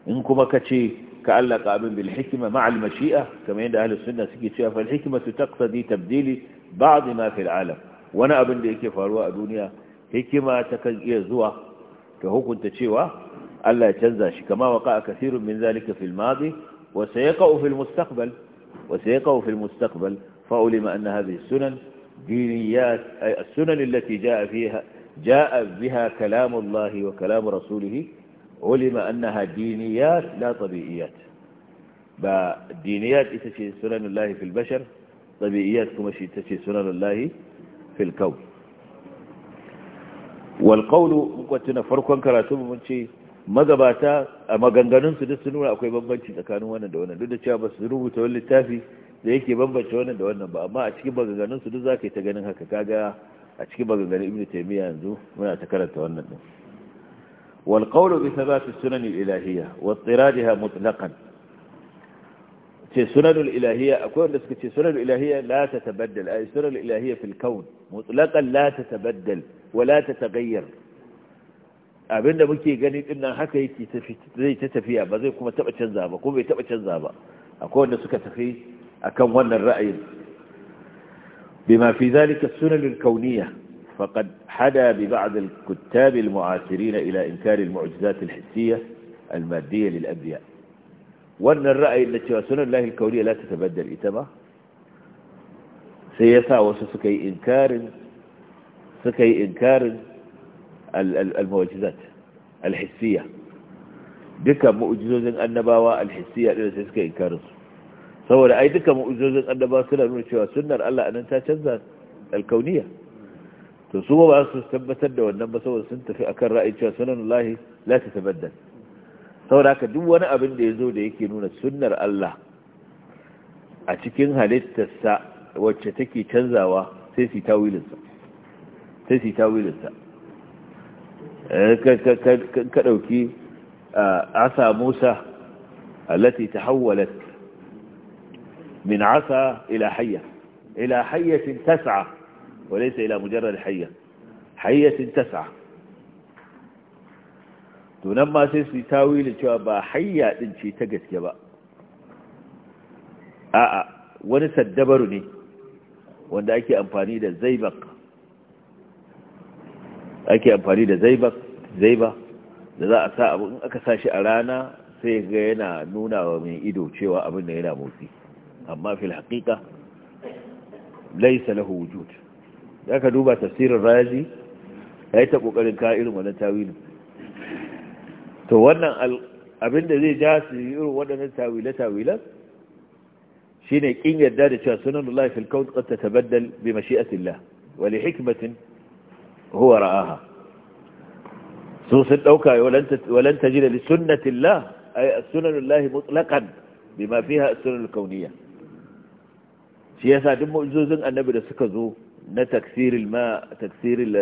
in kuma kace ka allaka abin bil hikma ma'a al mashi'a kamar yadda ahlus sunna suke cewa fal su taqtadi tabdili ba'd ma fil alam wani abin da yake faruwa a duniya hikima ta kan iya zuwa ta hukunta cewa Allah ya canza shi kama waka a kasirun min zalika fil madi wa sayaqa'u fil mustaqbal وسيقع في المستقبل فعلم أن هذه السنن دينيات أي السنن التي جاء فيها جاء بها كلام الله وكلام رسوله علم أنها دينيات لا طبيعيات دينيات إتشي سنن الله في البشر طبيعيات كما إتشي سنن الله في الكون والقول ممكن تنفرق كراتب من شيء magabata a maganganunsu duk sun nuna akwai bambanci tsakanin wannan da wannan duk da cewa ba su rubuta wani littafi da yake bambance wannan da wannan ba amma a cikin maganganunsu duk za ka yi ta ganin haka kaga a cikin maganganun ibnu taymiya yanzu muna ta karanta wannan din wal qawlu bi thabat as-sunan al-ilahiyya wa ittiradiha mutlaqan ce sunanul ilahiyya akwai wanda suka ce sunan sunanul ilahiyya la tatabaddal ay sunanul ilahiyya fil kawn mutlaqan la tatabaddal wa la tataghayyar abin da muke gani din nan haka yake zai ta tafiya ba zai kuma taba canza ba ko bai taba canza ba akwai wanda suka tafi akan wannan ra'ayin bima fi zalika sunan al-kawniyya faqad hada bi ba'd al-kuttab al-mu'asirin ila inkar al-mu'jizat al-hissiyya al-maddiyya lil-anbiya wannan ra'ayin da cewa sunan Allah al-kawniyya la tatabaddal ita ba sai yasa wasu suka yi inkarin suka yi inkarin al-mu'jizat al-hissiyya duka mu'jizozin annabawa al-hissiyya din sai suka inkara su saboda ai duka mu'jizozin annabawa suna nuna cewa sunnar Allah anan ta canza al-kauniyya ba su tabbatar da wannan ba saboda sun tafi akan ra'ayi cewa sunanullahi la tatabaddal saboda haka duk wani abin da zo da yake nuna sunnar Allah a cikin halittarsa wacce take canzawa sai Eh, ka ɗauki asa musa allati ta hawalat min asa ila hayya ila hayyacin tasa wale sai ila mujarar hayya hayyacin tasa tunan masu su yi tawilin cewa ba hayya ɗin ce ta gaske ba a wani saddabaru ne wanda ake amfani da zaibaka ake amfani da zaiba zaiba da za a sa abu in aka sa shi a rana sai ga yana nuna wa mai ido cewa abin da yana motsi amma fil haƙiƙa laisa lahu wujud da aka duba tafsirin razi yi ta ƙoƙarin ka irin wannan tawilin to wannan abin da zai ja su yi irin waɗannan tawile-tawilen Shi ne kin yarda da cewa sunan Allah fil kawn qad tatabaddal bi mashi'atillah wa li hikmatin huwa ra'aha su sun ɗauka walan tajida li sunnatillah ay sunanullahi mutlaqan bima fiha as-sunanul kauniyya shi yasa duk mu'jizozin annabi da suka zo na taksiril ma taksiril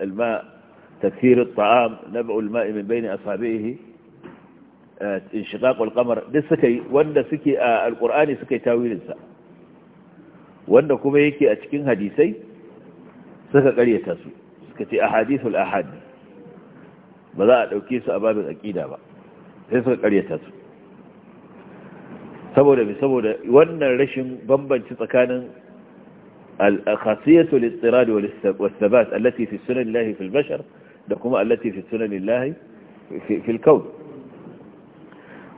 al-ma eh, wanda suke a Alƙur'ani suka yi tawilinsa wanda kuma yake a cikin hadisai suka karyata su suka ce ahadithul ahad ba za a dauke su a babin aqida ba sai suka karyata su saboda bi saboda wannan rashin bambanci tsakanin al-khasiyatul istirad wal thabat allati fi sunan Allah fi al-bashar da kuma allati fi sunan Allah fi al-kawn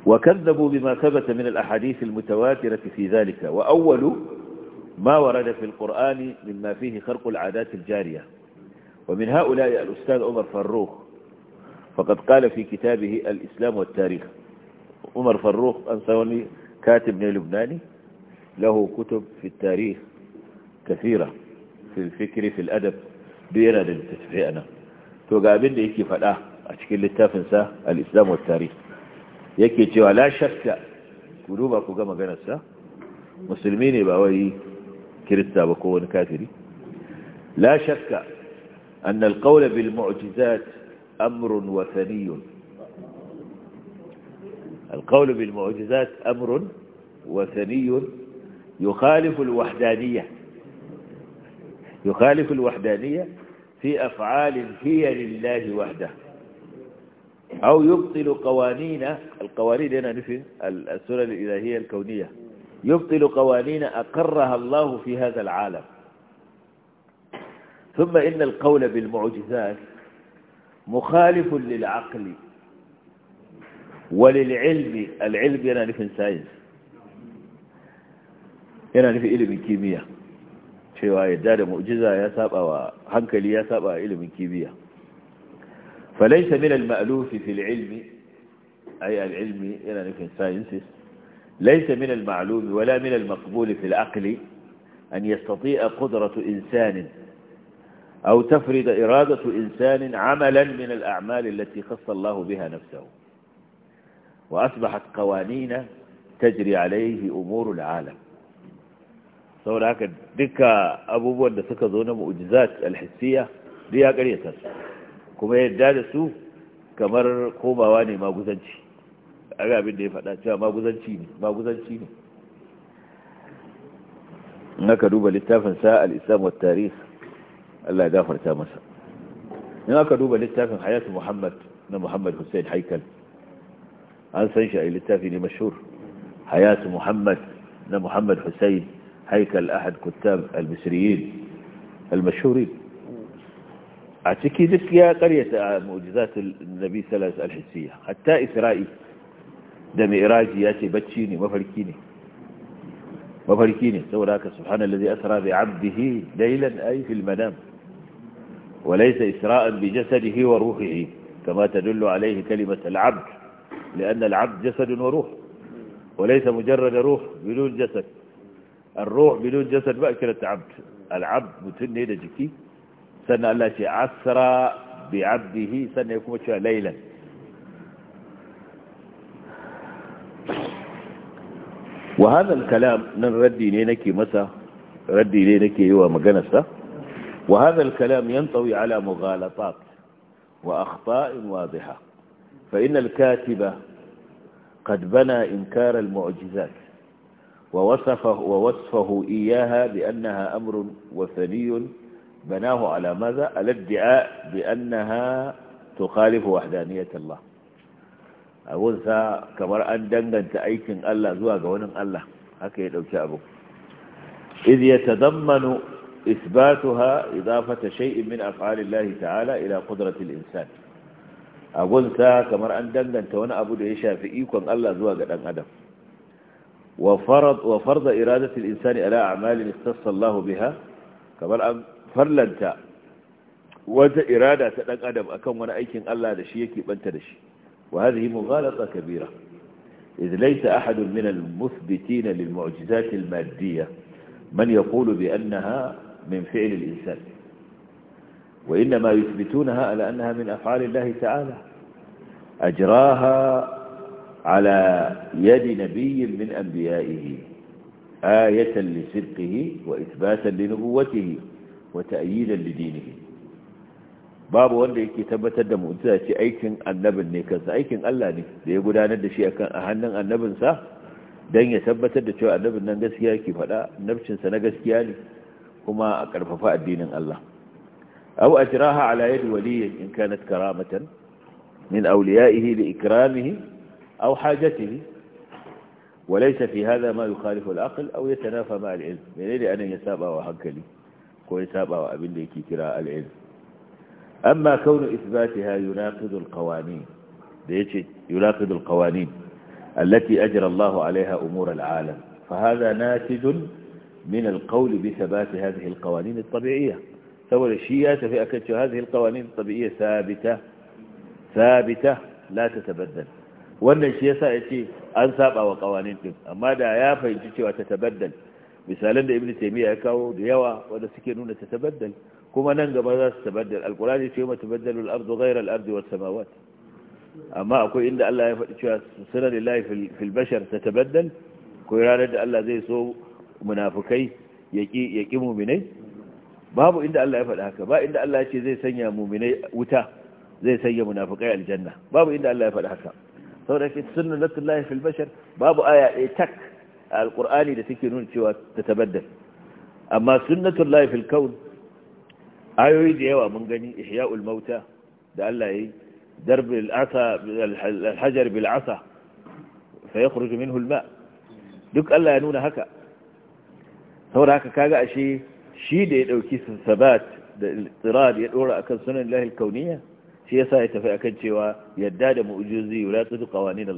وكذبوا بما ثبت من الأحاديث المتواترة في ذلك وأول ما ورد في القرآن مما فيه خرق العادات الجارية ومن هؤلاء الأستاذ عمر فروخ فقد قال في كتابه الإسلام والتاريخ عمر فروخ أنسوني كاتب لبناني له كتب في التاريخ كثيرة في الفكر في الأدب بينا للتسفي أنا إيكي فلا كيف الآه أشكل للتافنسة الإسلام والتاريخ يكي جوا لا شك ku duba ku مسلميني بأوي musulmi ne ba لا شك أن القول بالمعجزات أمر وثني القول بالمعجزات أمر وثني يخالف الوحدانية يخالف الوحدانية في أفعال هي لله وحده أو يبطل قوانين القوانين هنا نفي السنن الإلهية الكونية يبطل قوانين أقرها الله في هذا العالم ثم إن القول بالمعجزات مخالف للعقل وللعلم العلم أنا نفي ساينس أنا نفي علم الكيمياء شوية دار معجزة يا سابع وحنكلي يا سابع علم الكيمياء فليس من المألوف في العلم أي العلم أنا نفي ساينس ليس من المعلوم ولا من المقبول في العقل أن يستطيع قدرة إنسان أو تفرد إرادة إنسان عملا من الأعمال التي خص الله بها نفسه وأصبحت قوانين تجري عليه أمور العالم سورة دكا أبو بوان دسك ذون مؤجزات الحسية ليها قرية كما يجاد سوء كمر قوم واني ما قزنش أقاب اللي فتاة ما قزنشيني ما قزنشيني هناك دوبة للتافن ساء الإسلام والتاريخ Allah ya gafarta masa in aka duba littafin hayatu muhammad na muhammad hussein haikal an san shi a littafi ne mashhur hayatu muhammad na muhammad hussein haikal ahad kuttab al-misriyin al-mashhurin a ciki duk ya karyata mu'jizatul nabi sallallahu alaihi wasallam hissiya hatta isra'i da mi'raji ya ce bacci ne mafarki ne mafarki ne saboda haka subhanallazi asra bi 'abdihi laylan ay fil manam وليس إسراء بجسده وروحه كما تدل عليه كلمة العبد لأن العبد جسد وروح وليس مجرد روح بدون جسد الروح بدون جسد مأكلة عبد العبد متنه دجكي سنة الله شيء عسرى بعبده سنة يكون شيء ليلا وهذا الكلام ننردي لينك مسا ردي لينك هو مجنسه وهذا الكلام ينطوي على مغالطات وأخطاء واضحة فإن الكاتب قد بنى إنكار المعجزات ووصفه, ووصفه إياها بأنها أمر وثني بناه على ماذا؟ على ادعاء بأنها تخالف وحدانية الله أقول kamar كبر أن aikin تأيكن الله زواج wani الله هكذا ya dauki abu إثباتها إضافة شيء من أفعال الله تعالى إلى قدرة الإنسان أقولتا كمر أن دنجنت تونا أبو دعيشا في إيقان الله زواج أن أدم وفرض, وفرض إرادة الإنسان على أعمال اختص الله بها كمر أن فرلنت وجه إرادة أن أدم أكم وانا أيكين الله دشيكي بنت دشي وهذه مغالطة كبيرة إذ ليس أحد من المثبتين للمعجزات المادية من يقول بأنها من فعل الإنسان وإنما يثبتونها على أنها من أفعال الله تعالى أجراها على يد نبي من أنبيائه آية لصدقه وإثباتا لنبوته وتأييدا لدينه باب وندي كتابة الدم وانتهت أيكن النبي نيكس أيكن الله نيك ليقول أنا دشي أكن أهنن النبي صح دين يثبت الدشو النبي نغسيا كيف لا نبشن سنغسيا لي kuma a ƙarfafa addinin الله أو أجراها على يد ولي إن كانت كرامة من أوليائه لإكرامه أو حاجته وليس في هذا ما يخالف العقل أو يتنافى مع العلم من إلي أن يسابع وهكلي ويسابع وأبن ليكي كراء العلم أما كون إثباتها يناقض القوانين يناقض القوانين التي أجرى الله عليها أمور العالم فهذا ناتج من القول بثبات هذه القوانين الطبيعية فولا الشيء في أكد هذه القوانين الطبيعية ثابتة ثابتة لا تتبدل والنشيء سأتي أنساب أو قوانين ماذا يافا يجيش وتتبدل مثالا ابن تيمية كاو ديوا ولا سكينون تتبدل كما ننقى ماذا تتبدل القرآن يوم تبدل الأرض غير الأرض والسماوات أما أكو إن الله سنة الله في البشر تتبدل كو يراند الله زي سوء munafukai ya ƙi muminai babu inda Allah ya faɗa haka ba inda Allah ya ce zai sanya muminai wuta zai sanya munafukai aljanna babu inda Allah ya faɗa haka saboda shi sunna natullahi fil bashar babu aya ɗaya tak a alƙur'ani da take nuna cewa ta tabaddal amma sunnatullahi fil kaun ayoyi da yawa mun gani ihya'ul mauta da Allah yayi darb al-asa al-hajar bil-asa fa yakhruju minhu al-ma' duk Allah ya nuna haka saboda haka kaga شي shi da ya dauki sabat da istirad ya dora akan sunan lahil kauniya shi yasa ya tafi akan cewa yadda da mu'jizi la tudu qawanin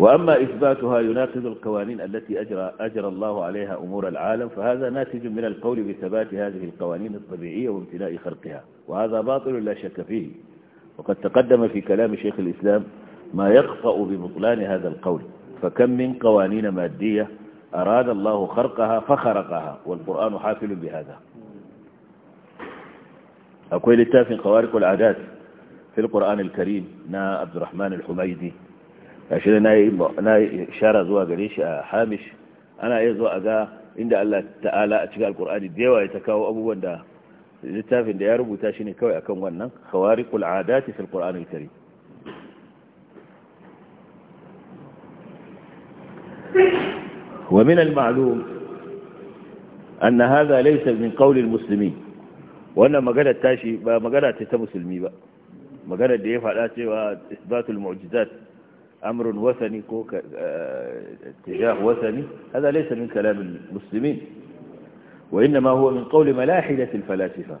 وأما إثباتها يناقض القوانين التي أجرى, أجرى الله عليها أمور العالم فهذا ناتج من القول بثبات هذه القوانين الطبيعية وامتلاء خلقها وهذا باطل لا شك فيه وقد تقدم في كلام شيخ الإسلام ما يخطأ ببطلان هذا القول فكم من قوانين مادية أراد الله خرقها فخرقها والقرآن حافل بهذا أقول للتافن خوارق العادات في القرآن الكريم نا عبد الرحمن الحميدي عشان نا إيه إيه إشارة زوا قريش آه، حامش أنا إيه زوا أقا عند الله تعالى أتقى القرآن الديوة يتكاو أبو وندا littafin da ya rubuta shi ne kawai akan wannan khawariqul adati ومن المعلوم أن هذا ليس من قول المسلمين وأن مقالة تاشي مقالة تتمسلمي بقى مقالة دي فعلاتي وإثبات المعجزات أمر وثني آه، اتجاه وثني هذا ليس من كلام المسلمين وإنما هو من قول ملاحدة الفلاسفة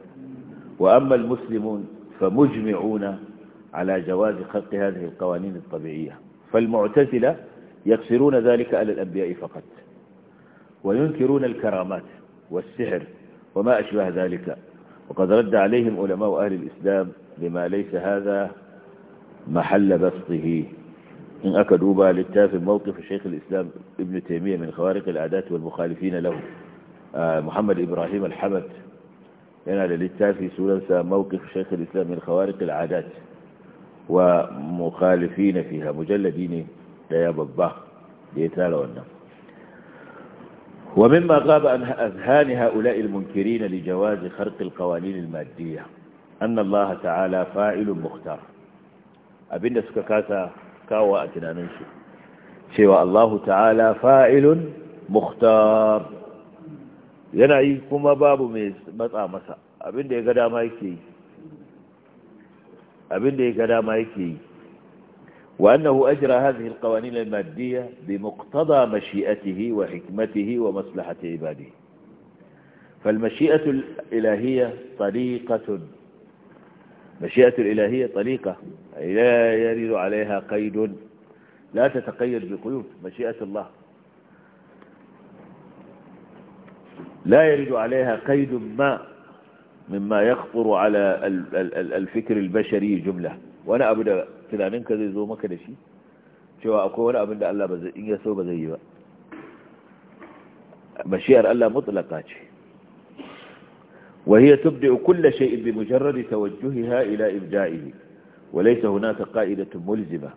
وأما المسلمون فمجمعون على جواز خلق هذه القوانين الطبيعية فالمعتزلة يقصرون ذلك على الأنبياء فقط وينكرون الكرامات والسحر وما أشبه ذلك وقد رد عليهم علماء أهل الإسلام لما ليس هذا محل بسطه إن أكدوا بالتاف موقف شيخ الإسلام ابن تيمية من خوارق العادات والمخالفين له آه، محمد إبراهيم الحمد yana da littafi sunansa mawqif shaykh al-islam min khawariq al-adat ɗaya babba da ya tara wannan ومما غاب عن أذهان هؤلاء المنكرين لجواز خرق القوانين المادية أن الله تعالى فاعل مختار أبن سككاتا كاوى أتناننشي شوى الله تعالى فاعل مختار yanayi kuma babu mai matsa masa abinda ya ga dama yake yi abinda ya ga dama yake yi وأنه أجرى هذه القوانين المادية بمقتضى مشيئته وحكمته ومصلحة عباده فالمشيئة الإلهية طريقة مشيئة الإلهية طريقة لا يرد عليها قيد لا تتقيد بقيود مشيئة الله لا يرد عليها قيد ما مما يخطر على الفكر البشري جملة وأنا أبدأ tunaninka zai zo maka da shi cewa akwai wani abin da Allah ba zai iya so ba zai yi ba bashiyar Allah mutlaka ce وهي تبدأ كل شيء بمجرد توجهها إلى إبدائه وليس هناك قاعده ملزمة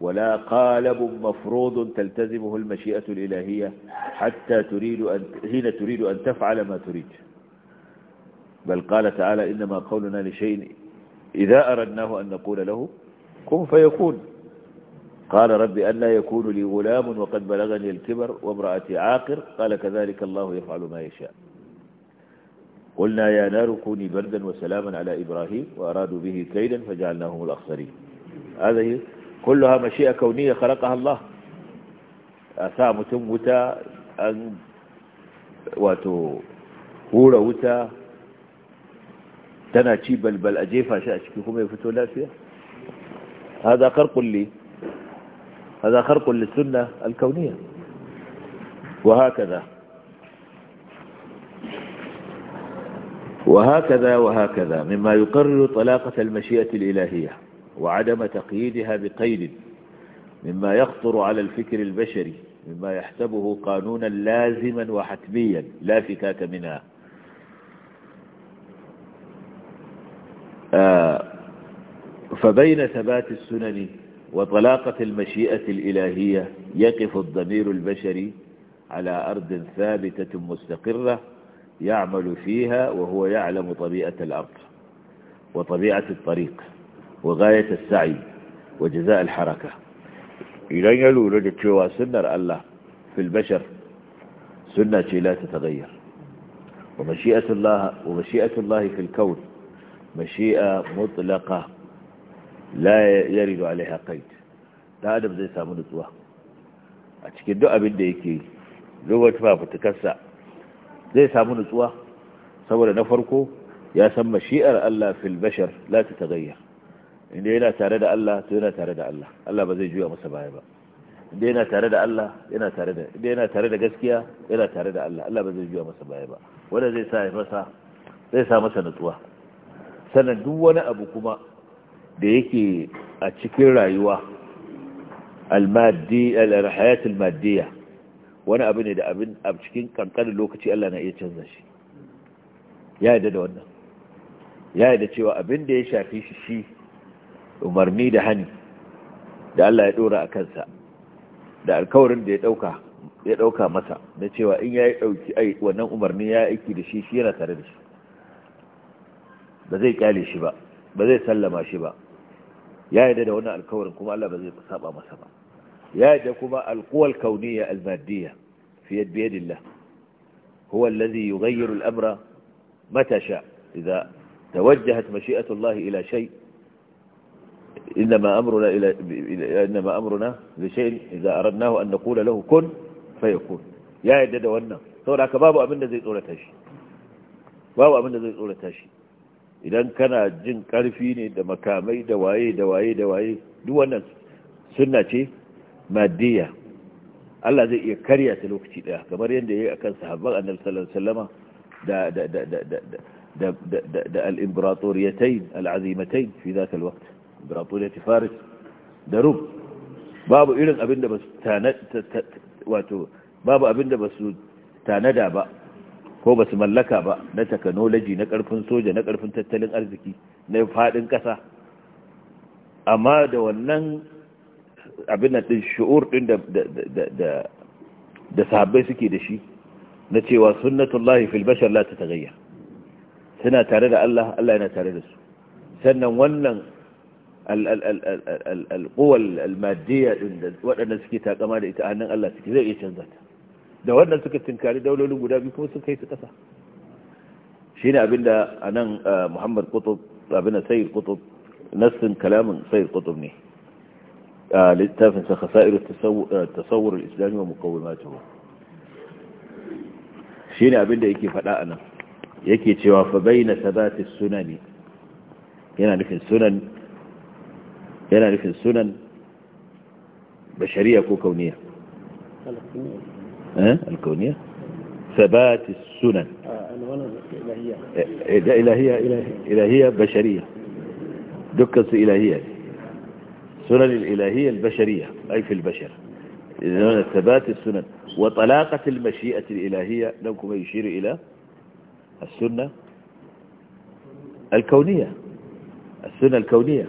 ولا قالب مفروض تلتزمه المشيئة الإلهية حتى تريد أن حين تريد أن تفعل ما تريد بل قال تعالى إنما قولنا لشيء إذا أردناه أن نقول له كن فيكون قال رب أن لا يكون لي غلام وقد بلغني الكبر وامرأتي عاقر قال كذلك الله يفعل ما يشاء قلنا يا نار كوني بردا وسلاما على إبراهيم وأرادوا به كيدا فجعلناهم الأخسرين هذه كلها مشيئة كونية خلقها الله أسام تموتا أن واتو وتا تنا تشيب بلبل أجيفها شاء كم يفتو لا فيها هذا خرق لي هذا خرق للسنة الكونية وهكذا وهكذا وهكذا مما يقرر طلاقة المشيئة الإلهية وعدم تقييدها بقيد مما يخطر على الفكر البشري مما يحسبه قانونا لازما وحتميا لا فكاك منها آه، فبين ثبات السنن وطلاقة المشيئة الإلهية يقف الضمير البشري على أرض ثابتة مستقرة يعمل فيها وهو يعلم طبيعة الأرض وطبيعة الطريق وغاية السعي وجزاء الحركة إذا يلول جتشوى سنة الله في البشر سنة لا تتغير ومشيئة الله, ومشيئة الله في الكون مشيئة مطلقة la yaridu alaiha qaid da adam zai samu nutsuwa a cikin duk abin da yake lokacin fafutukarsa zai samu nutsuwa saboda na farko ya san mashi'ar Allah fil bashar la tataghayyar inda yana tare da Allah to yana tare da Allah Allah ba zai juya masa baya ba inda yana tare da Allah yana tare da inda yana tare da gaskiya yana tare da Allah Allah ba zai juya masa baya ba wanda zai sa ya masa zai sa masa nutsuwa sannan duk wani abu kuma da yake a cikin rayuwa al alhayatul maddiya wani abu ne da abin a cikin kankanin lokaci Allah na iya canza shi ya yi da wannan ya da cewa abin da ya shafi shi shi umarni da hani da Allah ya dora a kansa da alkawarin da ya dauka masa da cewa in ya dauki wannan umarni ya yi aiki da shi shi yana tare da shi ba zai kyale shi ba ba zai sallama shi ba ya yarda da wannan alkawarin kuma Allah ba zai saba masa ba ya yarda kuma alquwal kauniyya almadiyya fi yad biyadillah huwa alladhi yughayyiru al-amra mata sha idza tawajjahat mashi'atu Allah ila shay إنما أمرنا, إلى إنما أمرنا لشيء إذا أردناه أن نقول له كن فيكون يا يدد وانا saboda haka babu abin da zai tsorata shi babu abin da zai tsorata shi idan kana jin karfi ne da makamai da waye da waye da waye duk wannan sunna ce madiya Allah zai iya karya ta lokaci daya kamar yadda ya akan sahabban Annabi sallallahu alaihi wasallama da da da da da da da da al-imperatoriyatayn al-azimatayn fi dhaka al-waqt imperatoriyat Faris da rub babu irin abin da basu tanada wato babu basu tanada ba ko ba su mallaka ba na takanoloji na ƙarfin soja na ƙarfin tattalin arziki na faɗin ƙasa amma da wannan abin da ɗin shi'ur ɗin da sahabbai suke da shi na cewa sunnatullahi fil bashar la ta suna tare da Allah Allah yana tare da su sannan wannan al'uwal al-madiyya suke takama da ita hannun Allah suke zai iya canza da wannan suka tinkari daulolin guda biyu kuma sun kai su ƙasa shi ne abinda a nan uh, muhammad kutub abinda sayir kutub nassin kalamin sayir kutub ne littafin sa khasairu tasawur uh, al-islami wa muqawwimatuhu shine abin da yake faɗa a anan yake cewa fa baina sabati sunani yana nufin sunan yana nufin sunan bashariya ko kauniya الكونية ثبات السنن آه، إيه، إلهية إلهية إلهية بشرية دكس إلهية سنن الإلهية البشرية أي في البشر ثبات السنن وطلاقة المشيئة الإلهية لكم يشير إلى السنة الكونية السنة الكونية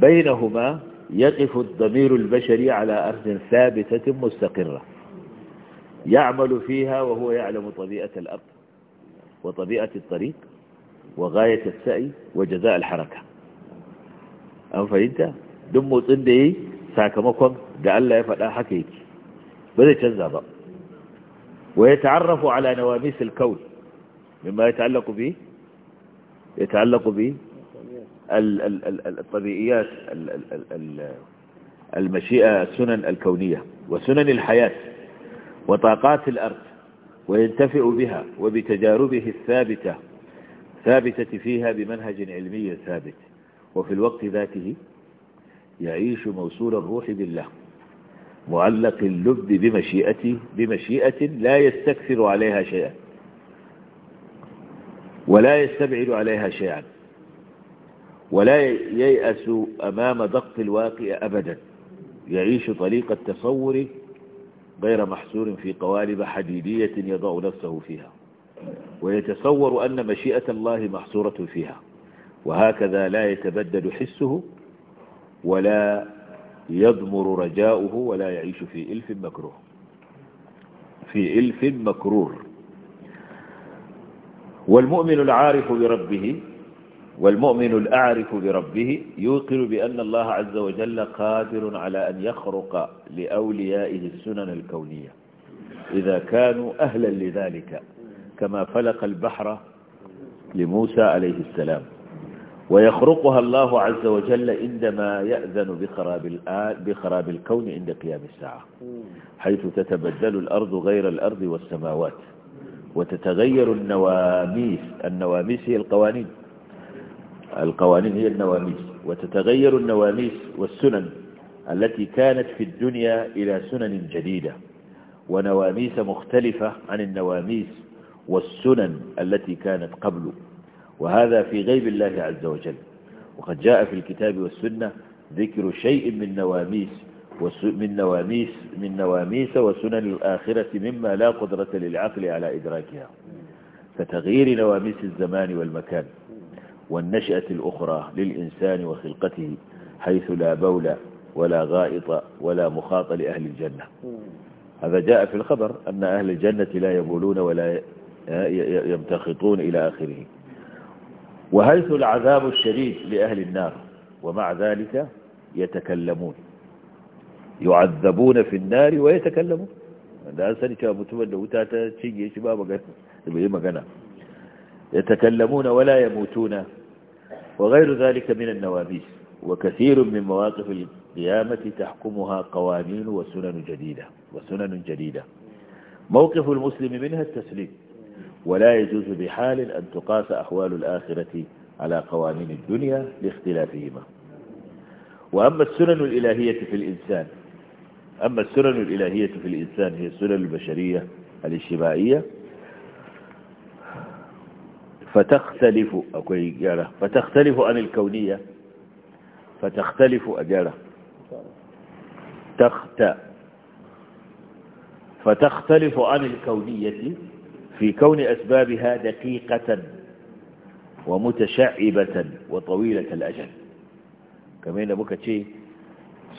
بينهما يقف الضمير البشري على أرض ثابتة مستقرة يعمل فيها وهو يعلم طبيعة الأرض وطبيعة الطريق وغاية السعي وجزاء الحركة أم فإنت دمو تندي ساكمكم دعال لا يفعل حكيك بذي تنزابا ويتعرف على نواميس الكون مما يتعلق به يتعلق به الطبيعيات المشيئة السنن الكونية وسنن الحياة وطاقات الأرض وينتفئ بها وبتجاربه الثابتة ثابتة فيها بمنهج علمي ثابت وفي الوقت ذاته يعيش موصول الروح بالله معلق اللب بمشيئته بمشيئة لا يستكثر عليها شيئا ولا يستبعد عليها شيئا ولا ييأس أمام ضغط الواقع أبدا يعيش طريق التصور غير محصور في قوالب حديدية يضع نفسه فيها ويتصور أن مشيئة الله محصورة فيها وهكذا لا يتبدد حسه ولا يضمر رجاؤه ولا يعيش في إلف مكروه في إلف مكرور والمؤمن العارف بربه والمؤمن الأعرف بربه يوقن بأن الله عز وجل قادر على أن يخرق لأوليائه السنن الكونية إذا كانوا أهلا لذلك كما فلق البحر لموسى عليه السلام ويخرقها الله عز وجل عندما يأذن بخراب, بخراب الكون عند قيام الساعة حيث تتبدل الأرض غير الأرض والسماوات وتتغير النواميس النواميس هي القوانين القوانين هي النواميس وتتغير النواميس والسنن التي كانت في الدنيا إلى سنن جديدة ونواميس مختلفة عن النواميس والسنن التي كانت قبل وهذا في غيب الله عز وجل وقد جاء في الكتاب والسنة ذكر شيء من نواميس من نواميس من نواميس وسنن الآخرة مما لا قدرة للعقل على إدراكها فتغيير نواميس الزمان والمكان والنشأة الأخرى للإنسان وخلقته حيث لا بول ولا غائط ولا مخاط لأهل الجنة هذا جاء في الخبر أن أهل الجنة لا يبولون ولا يمتخطون إلى آخره وهيث العذاب الشديد لأهل النار ومع ذلك يتكلمون يعذبون في النار ويتكلمون هذا سنة sani cewa mutumin da wuta ta يتكلمون ولا يموتون وغير ذلك من النواميس وكثير من مواقف القيامة تحكمها قوانين وسنن جديدة وسنن جديدة موقف المسلم منها التسليم ولا يجوز بحال أن تقاس أحوال الآخرة على قوانين الدنيا لاختلافهما وأما السنن الإلهية في الإنسان أما السنن الإلهية في الإنسان هي السنن البشرية الاجتماعية فتختلف فتختلف عن الكونية فتختلف أجارة تخت فتختلف عن الكونية في كون أسبابها دقيقة ومتشعبة وطويلة الأجل كما ينبك شيء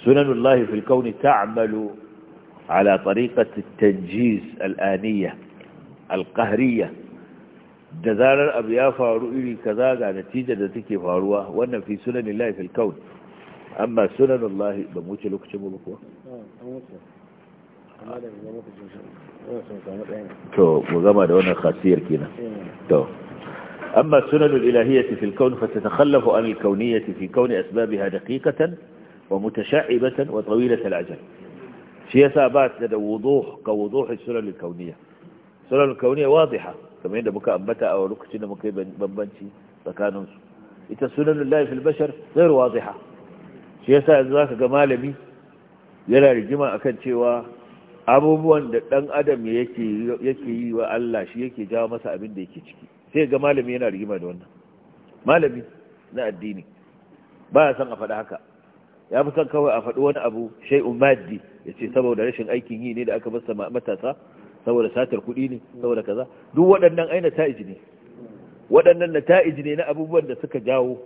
سنن الله في الكون تعمل على طريقة التنجيز الآنية القهرية da zarar abu ya faru iri kaza ga natijar da take faruwa wannan fi sunanillahi fil kaun amma sunanullahi ba mu ce lokacin mu ko to mu gama da wannan khasiyar kenan to amma sunanul ilahiyyati fil kaun fa tatakhallafu an أما السنن الإلهية في الكون فتتخلف عن الكونية في كون أسبابها دقيقة ومتشعبة وطويلة الأجل da wuduh ka wuduh sunanul kauniyya sunanul kauniyya wadiha kamar yadda muka ambata a lokacin da muka yi bambanci su ita sunan lullahi fil bashar zai ruwa zai shi yasa yanzu za ka ga malami yana rigima a kan cewa abubuwan da ɗan adam yake yi wa Allah shi yake jawo masa abin da yake ciki sai ga malami yana rigima da wannan malami na addini ba ya san a faɗi haka ya fi son kawai a faɗi wani abu shai maddi ya ce saboda rashin aikin yi ne da aka matasa saboda satar kudi ne saboda kaza duk waɗannan aina nata'ij ne waɗannan nata'ij ne na abubuwan da suka jawo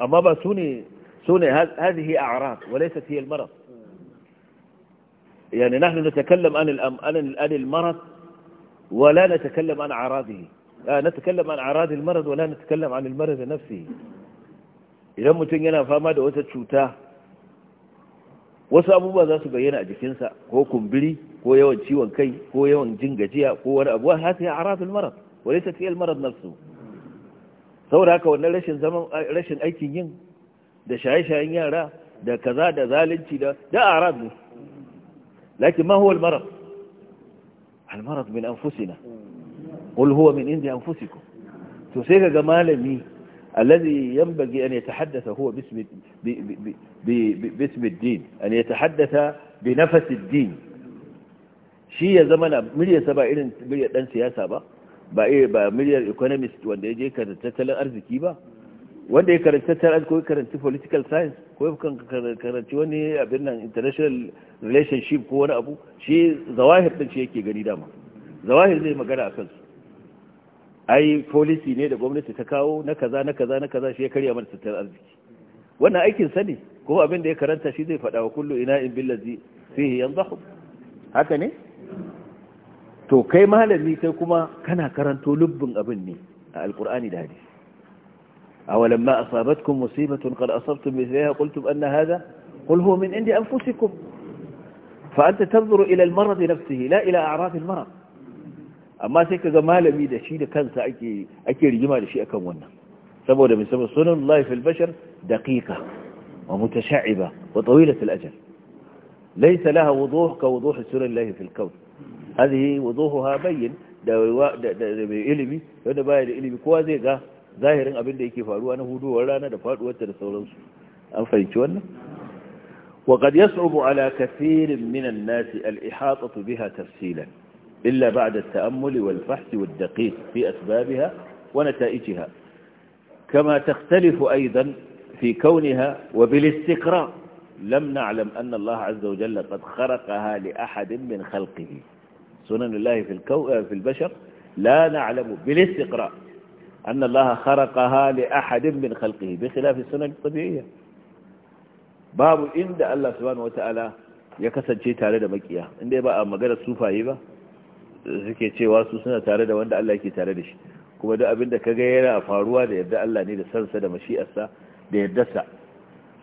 amma ba su ne su ne hadhihi a'rad wa laysat hiya al-marad yani nahnu natakallam an al-an al-marad wa la natakallam an a'radihi la natakallam an a'rad al-marad wa la natakallam an al-marad nafsihi idan mutun yana fama da wata cuta wasu abubuwa za su bayyana a jikinsa ko kumburi ko yawan ciwon kai ko yawan jin gajiya ko wani abu wa hasi ya arafin marar wani ta fiye marar nafsu saboda haka wannan rashin zaman rashin aikin yin da shaye-shayen yara da kaza da zalunci da da arab ne lakin ma huwa al-marad al-marad min anfusina qul huwa min indi anfusikum to sai kaga malami الذي ينبغي أن يتحدث هو باسم باسم الدين أن يتحدث بنفس الدين شيء زمنا مليا سبا إلين مليا دان سياسة با با إيه، مليا الإيكونوميست وانده يجي كانت تتلا أرزكي با وانده كانت تتلا أرزكي كانت تي political science كوي كان كانت تواني أبنا international relationship كوانا أبو شي ظواهر تنشيكي غني داما زواهر زي مقالا أكلس ai policy ne da gwamnati ta kawo na kaza na kaza na kaza shi ya karya mana tattalin arziki wannan aikin sa ne ko abin da ya karanta shi zai fada wa kullu ina in billazi fihi yanzahu haka ne to kai malami kai kuma kana karanto lubbin abin ne a alqur'ani da hadisi ma asabatkum musibatun qad asabtum mithlaha qultum anna hadha qul huwa min indi anfusikum fa anta tanzuru ila al-marad nafsihi la ila a'rad al-marad amma sai kaga malami da shi da kansa ake ake rigima da shi akan wannan saboda mai saboda sunan Allah fil bashar daƙiƙa wa mutu mutasha'iba wa tawilat al ajal laysa laha wuduh ka wuduh sunan laifin kawai kawn hadhihi wuduhuha bayyin da mai ilimi wanda baya da ilimi kowa zai ga zahirin abin da yake faruwa na huduwar rana da faduwarta da sauransu an fahimci wannan وقد يصعب على كثير من الناس الإحاطة بها تفصيلا إلا بعد التأمل والفحص والدقيق في أسبابها ونتائجها كما تختلف أيضا في كونها وبالاستقراء لم نعلم أن الله عز وجل قد خرقها لأحد من خلقه سنن الله في, الكو... في البشر لا نعلم بالاستقراء أن الله خرقها لأحد من خلقه بخلاف السنن الطبيعية باب إن الله سبحانه وتعالى ya kasance tare مكيا إن دي بقى a magana sufaye suke cewa su suna tare da wanda Allah yake tare da shi kuma duk abin da kaga yana faruwa da yarda Allah ne da sansa da mashi'arsa da sa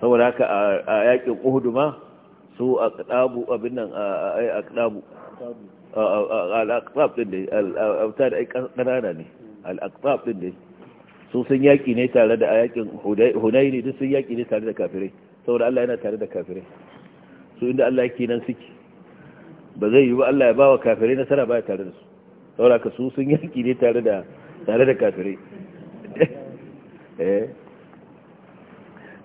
saboda haka a yakin Uhud ma su aqdabu abin nan a aqdabu al-aqtab din da al-autar ai kanana ne al-aqtab din da su sun yaki ne tare da yakin Hunayni duk sun yaki ne tare da kafirai saboda Allah yana tare da kafirai su inda Allah yake nan suke ba zai yi ba Allah ya bawa kafirai nasara ba tare da su saboda ka su sun yanki ne tare da kafirai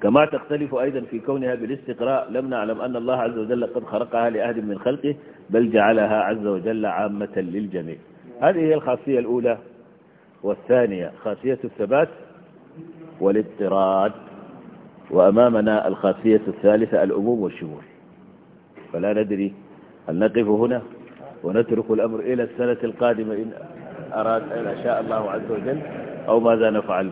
كما تختلف أيضا في كونها بالاستقراء لم نعلم أن الله عز وجل قد خرقها لأهد من خلقه بل جعلها عز وجل عامة للجميع هذه هي الخاصية الأولى والثانية خاصية الثبات والاضطراد وأمامنا الخاصية الثالثة الأموم والشمول فلا ندري هل نقف هنا ونترك الأمر إلى السنة القادمة إن أراد إن شاء الله عز وجل أو ماذا نفعل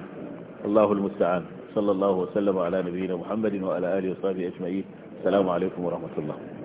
الله المستعان صلى الله وسلم على نبينا محمد وعلى آله وصحبه أجمعين السلام عليكم ورحمة الله